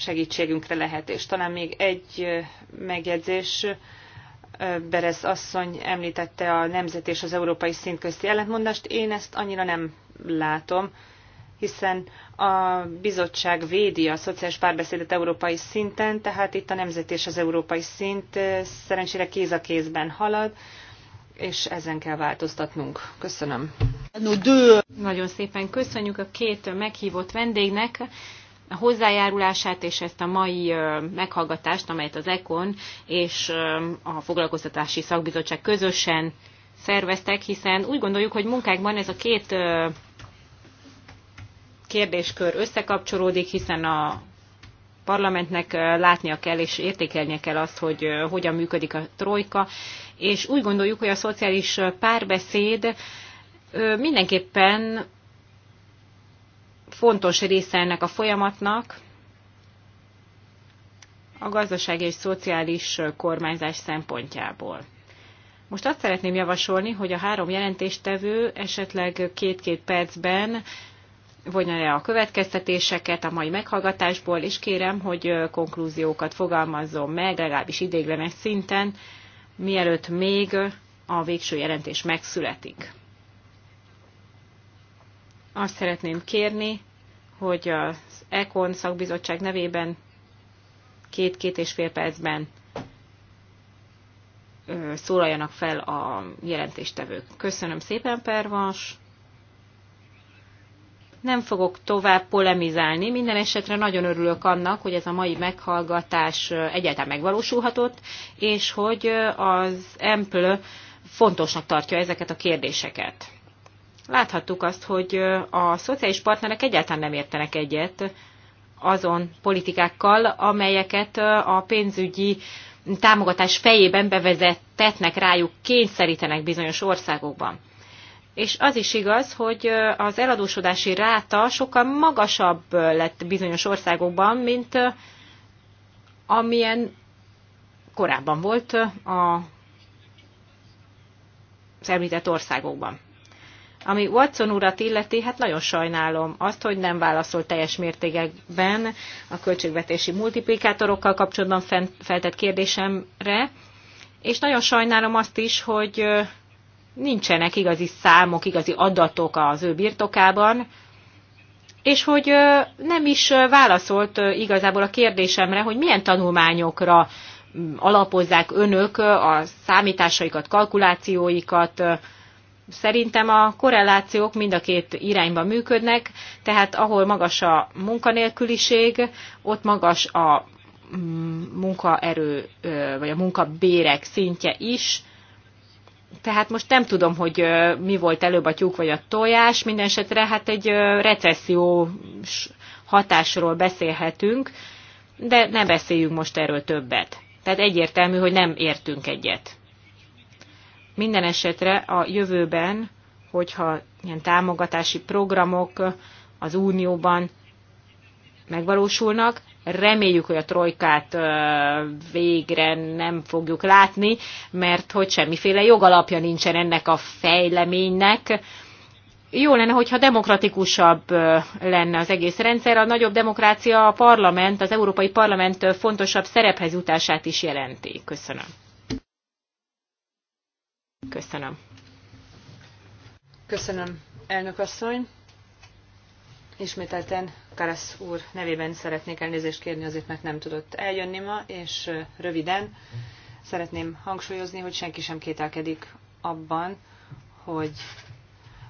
S3: segítségünkre lehet. És talán még egy megjegyzés, Berez asszony említette a nemzet és az európai szint közti ellentmondást, én ezt annyira nem látom, hiszen a bizottság védi a szociális párbeszédet európai szinten, tehát itt a nemzet és az európai szint szerencsére kéz a kézben halad, és ezen kell változtatnunk. Köszönöm.
S2: Nagyon szépen köszönjük a két meghívott vendégnek a hozzájárulását és ezt a mai meghallgatást, amelyet az EKON és a Foglalkoztatási Szakbizottság közösen szerveztek, hiszen úgy gondoljuk, hogy munkákban ez a két kérdéskör összekapcsolódik, hiszen a parlamentnek látnia kell és értékelnie kell azt, hogy hogyan működik a trojka, és úgy gondoljuk, hogy a szociális párbeszéd mindenképpen fontos része ennek a folyamatnak a gazdasági és szociális kormányzás szempontjából. Most azt szeretném javasolni, hogy a három jelentéstevő esetleg két-két percben vonja le a következtetéseket a mai meghallgatásból, és kérem, hogy konklúziókat fogalmazzon meg, legalábbis idéglenes szinten, mielőtt még a végső jelentés megszületik. Azt szeretném kérni, hogy az ECON szakbizottság nevében két-két és fél percben szólaljanak fel a jelentéstevők. Köszönöm szépen, Pervas! Nem fogok tovább polemizálni, minden esetre nagyon örülök annak, hogy ez a mai meghallgatás egyáltalán megvalósulhatott, és hogy az EMPL fontosnak tartja ezeket a kérdéseket láthattuk azt, hogy a szociális partnerek egyáltalán nem értenek egyet azon politikákkal, amelyeket a pénzügyi támogatás fejében bevezettetnek rájuk, kényszerítenek bizonyos országokban. És az is igaz, hogy az eladósodási ráta sokkal magasabb lett bizonyos országokban, mint amilyen korábban volt a az említett országokban. Ami Watson urat illeti, hát nagyon sajnálom azt, hogy nem válaszol teljes mértékben a költségvetési multiplikátorokkal kapcsolatban feltett kérdésemre, és nagyon sajnálom azt is, hogy nincsenek igazi számok, igazi adatok az ő birtokában, és hogy nem is válaszolt igazából a kérdésemre, hogy milyen tanulmányokra alapozzák önök a számításaikat, kalkulációikat, Szerintem a korrelációk mind a két irányba működnek, tehát ahol magas a munkanélküliség, ott magas a munkaerő, vagy a munkabérek szintje is. Tehát most nem tudom, hogy mi volt előbb a tyúk vagy a tojás, minden esetre hát egy recessziós hatásról beszélhetünk, de ne beszéljünk most erről többet. Tehát egyértelmű, hogy nem értünk egyet. Minden esetre a jövőben, hogyha ilyen támogatási programok az Unióban megvalósulnak, reméljük, hogy a trojkát végre nem fogjuk látni, mert hogy semmiféle jogalapja nincsen ennek a fejleménynek. Jó lenne, hogyha demokratikusabb lenne az egész rendszer, a nagyobb demokrácia a parlament, az Európai Parlament fontosabb szerephez jutását is jelenti. Köszönöm. Köszönöm.
S3: Köszönöm, elnök asszony. Ismételten Karasz úr nevében szeretnék elnézést kérni azért, mert nem tudott eljönni ma, és röviden szeretném hangsúlyozni, hogy senki sem kételkedik abban, hogy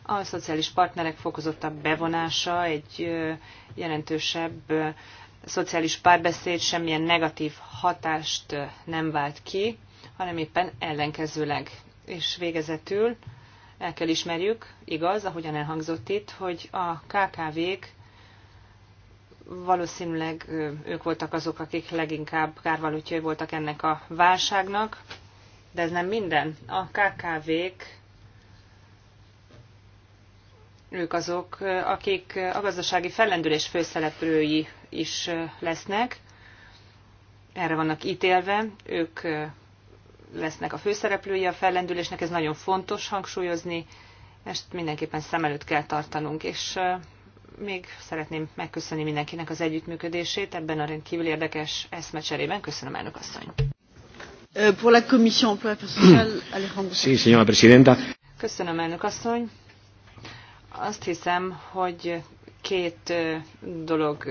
S3: a szociális partnerek fokozottabb bevonása, egy jelentősebb szociális párbeszéd semmilyen negatív hatást nem vált ki, hanem éppen ellenkezőleg és végezetül el kell ismerjük, igaz, ahogyan elhangzott itt, hogy a KKV-k valószínűleg ők voltak azok, akik leginkább kárvalótjai voltak ennek a válságnak, de ez nem minden. A KKV-k ők azok, akik a gazdasági fellendülés főszereplői is lesznek. Erre vannak ítélve, ők lesznek a főszereplői a fellendülésnek, ez nagyon fontos hangsúlyozni, ezt mindenképpen szem előtt kell tartanunk, és még szeretném megköszönni mindenkinek az együttműködését ebben a rendkívül érdekes eszmecserében. Köszönöm, elnök asszony! Euh, señora presidenta. Köszönöm, elnök asszony. Azt hiszem, hogy két dolog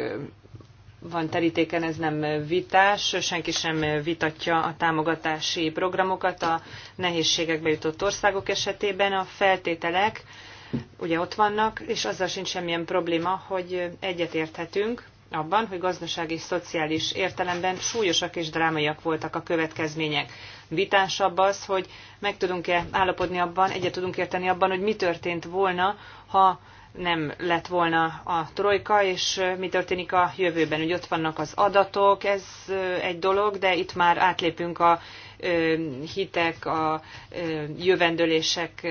S3: van terítéken, ez nem vitás, senki sem vitatja a támogatási programokat a nehézségekbe jutott országok esetében. A feltételek ugye ott vannak, és azzal sincs semmilyen probléma, hogy egyetérthetünk abban, hogy gazdasági és szociális értelemben súlyosak és drámaiak voltak a következmények. Vitásabb az, hogy meg tudunk-e állapodni abban, egyet tudunk érteni abban, hogy mi történt volna, ha nem lett volna a trojka, és mi történik a jövőben. hogy ott vannak az adatok, ez egy dolog, de itt már átlépünk a hitek, a jövendőlések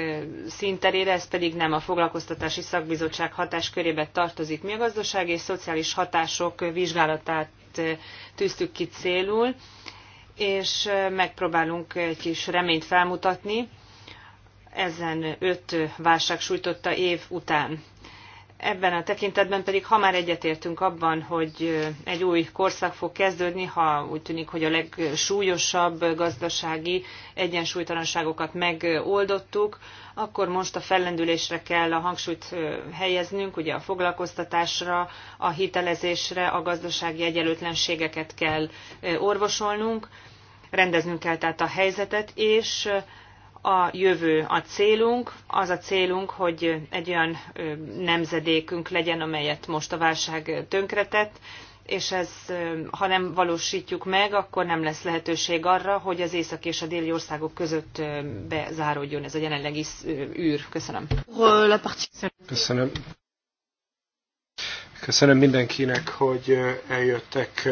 S3: szinterére, ez pedig nem a foglalkoztatási szakbizottság hatáskörébe tartozik. Mi a gazdasági és szociális hatások vizsgálatát tűztük ki célul, és megpróbálunk egy kis reményt felmutatni, ezen öt válság sújtotta év után. Ebben a tekintetben pedig, ha már egyetértünk abban, hogy egy új korszak fog kezdődni, ha úgy tűnik, hogy a legsúlyosabb gazdasági egyensúlytalanságokat megoldottuk, akkor most a fellendülésre kell a hangsúlyt helyeznünk, ugye a foglalkoztatásra, a hitelezésre, a gazdasági egyenlőtlenségeket kell orvosolnunk, rendeznünk kell tehát a helyzetet, és a jövő a célunk, az a célunk, hogy egy olyan nemzedékünk legyen, amelyet most a válság tönkretett, és ez, ha nem valósítjuk meg, akkor nem lesz lehetőség arra, hogy az észak és a déli országok között bezáródjon ez a jelenlegi űr. Köszönöm.
S1: Köszönöm. Köszönöm mindenkinek, hogy eljöttek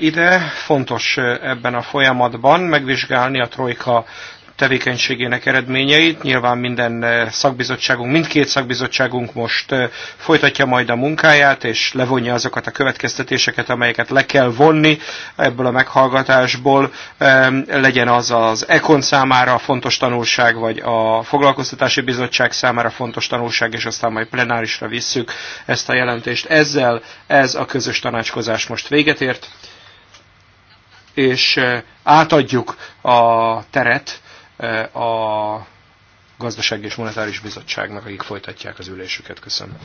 S1: ide. Fontos ebben a folyamatban megvizsgálni a trojka tevékenységének eredményeit. Nyilván minden eh, szakbizottságunk, mindkét szakbizottságunk most eh, folytatja majd a munkáját, és levonja azokat a következtetéseket, amelyeket le kell vonni ebből a meghallgatásból. Legyen az az ECON számára fontos tanulság, vagy a Foglalkoztatási Bizottság számára fontos tanulság, és aztán majd plenárisra visszük ezt a jelentést. Ezzel ez a közös tanácskozás most véget ért és eh, átadjuk a teret a Gazdasági és Monetáris Bizottságnak, akik folytatják az ülésüket. Köszönöm.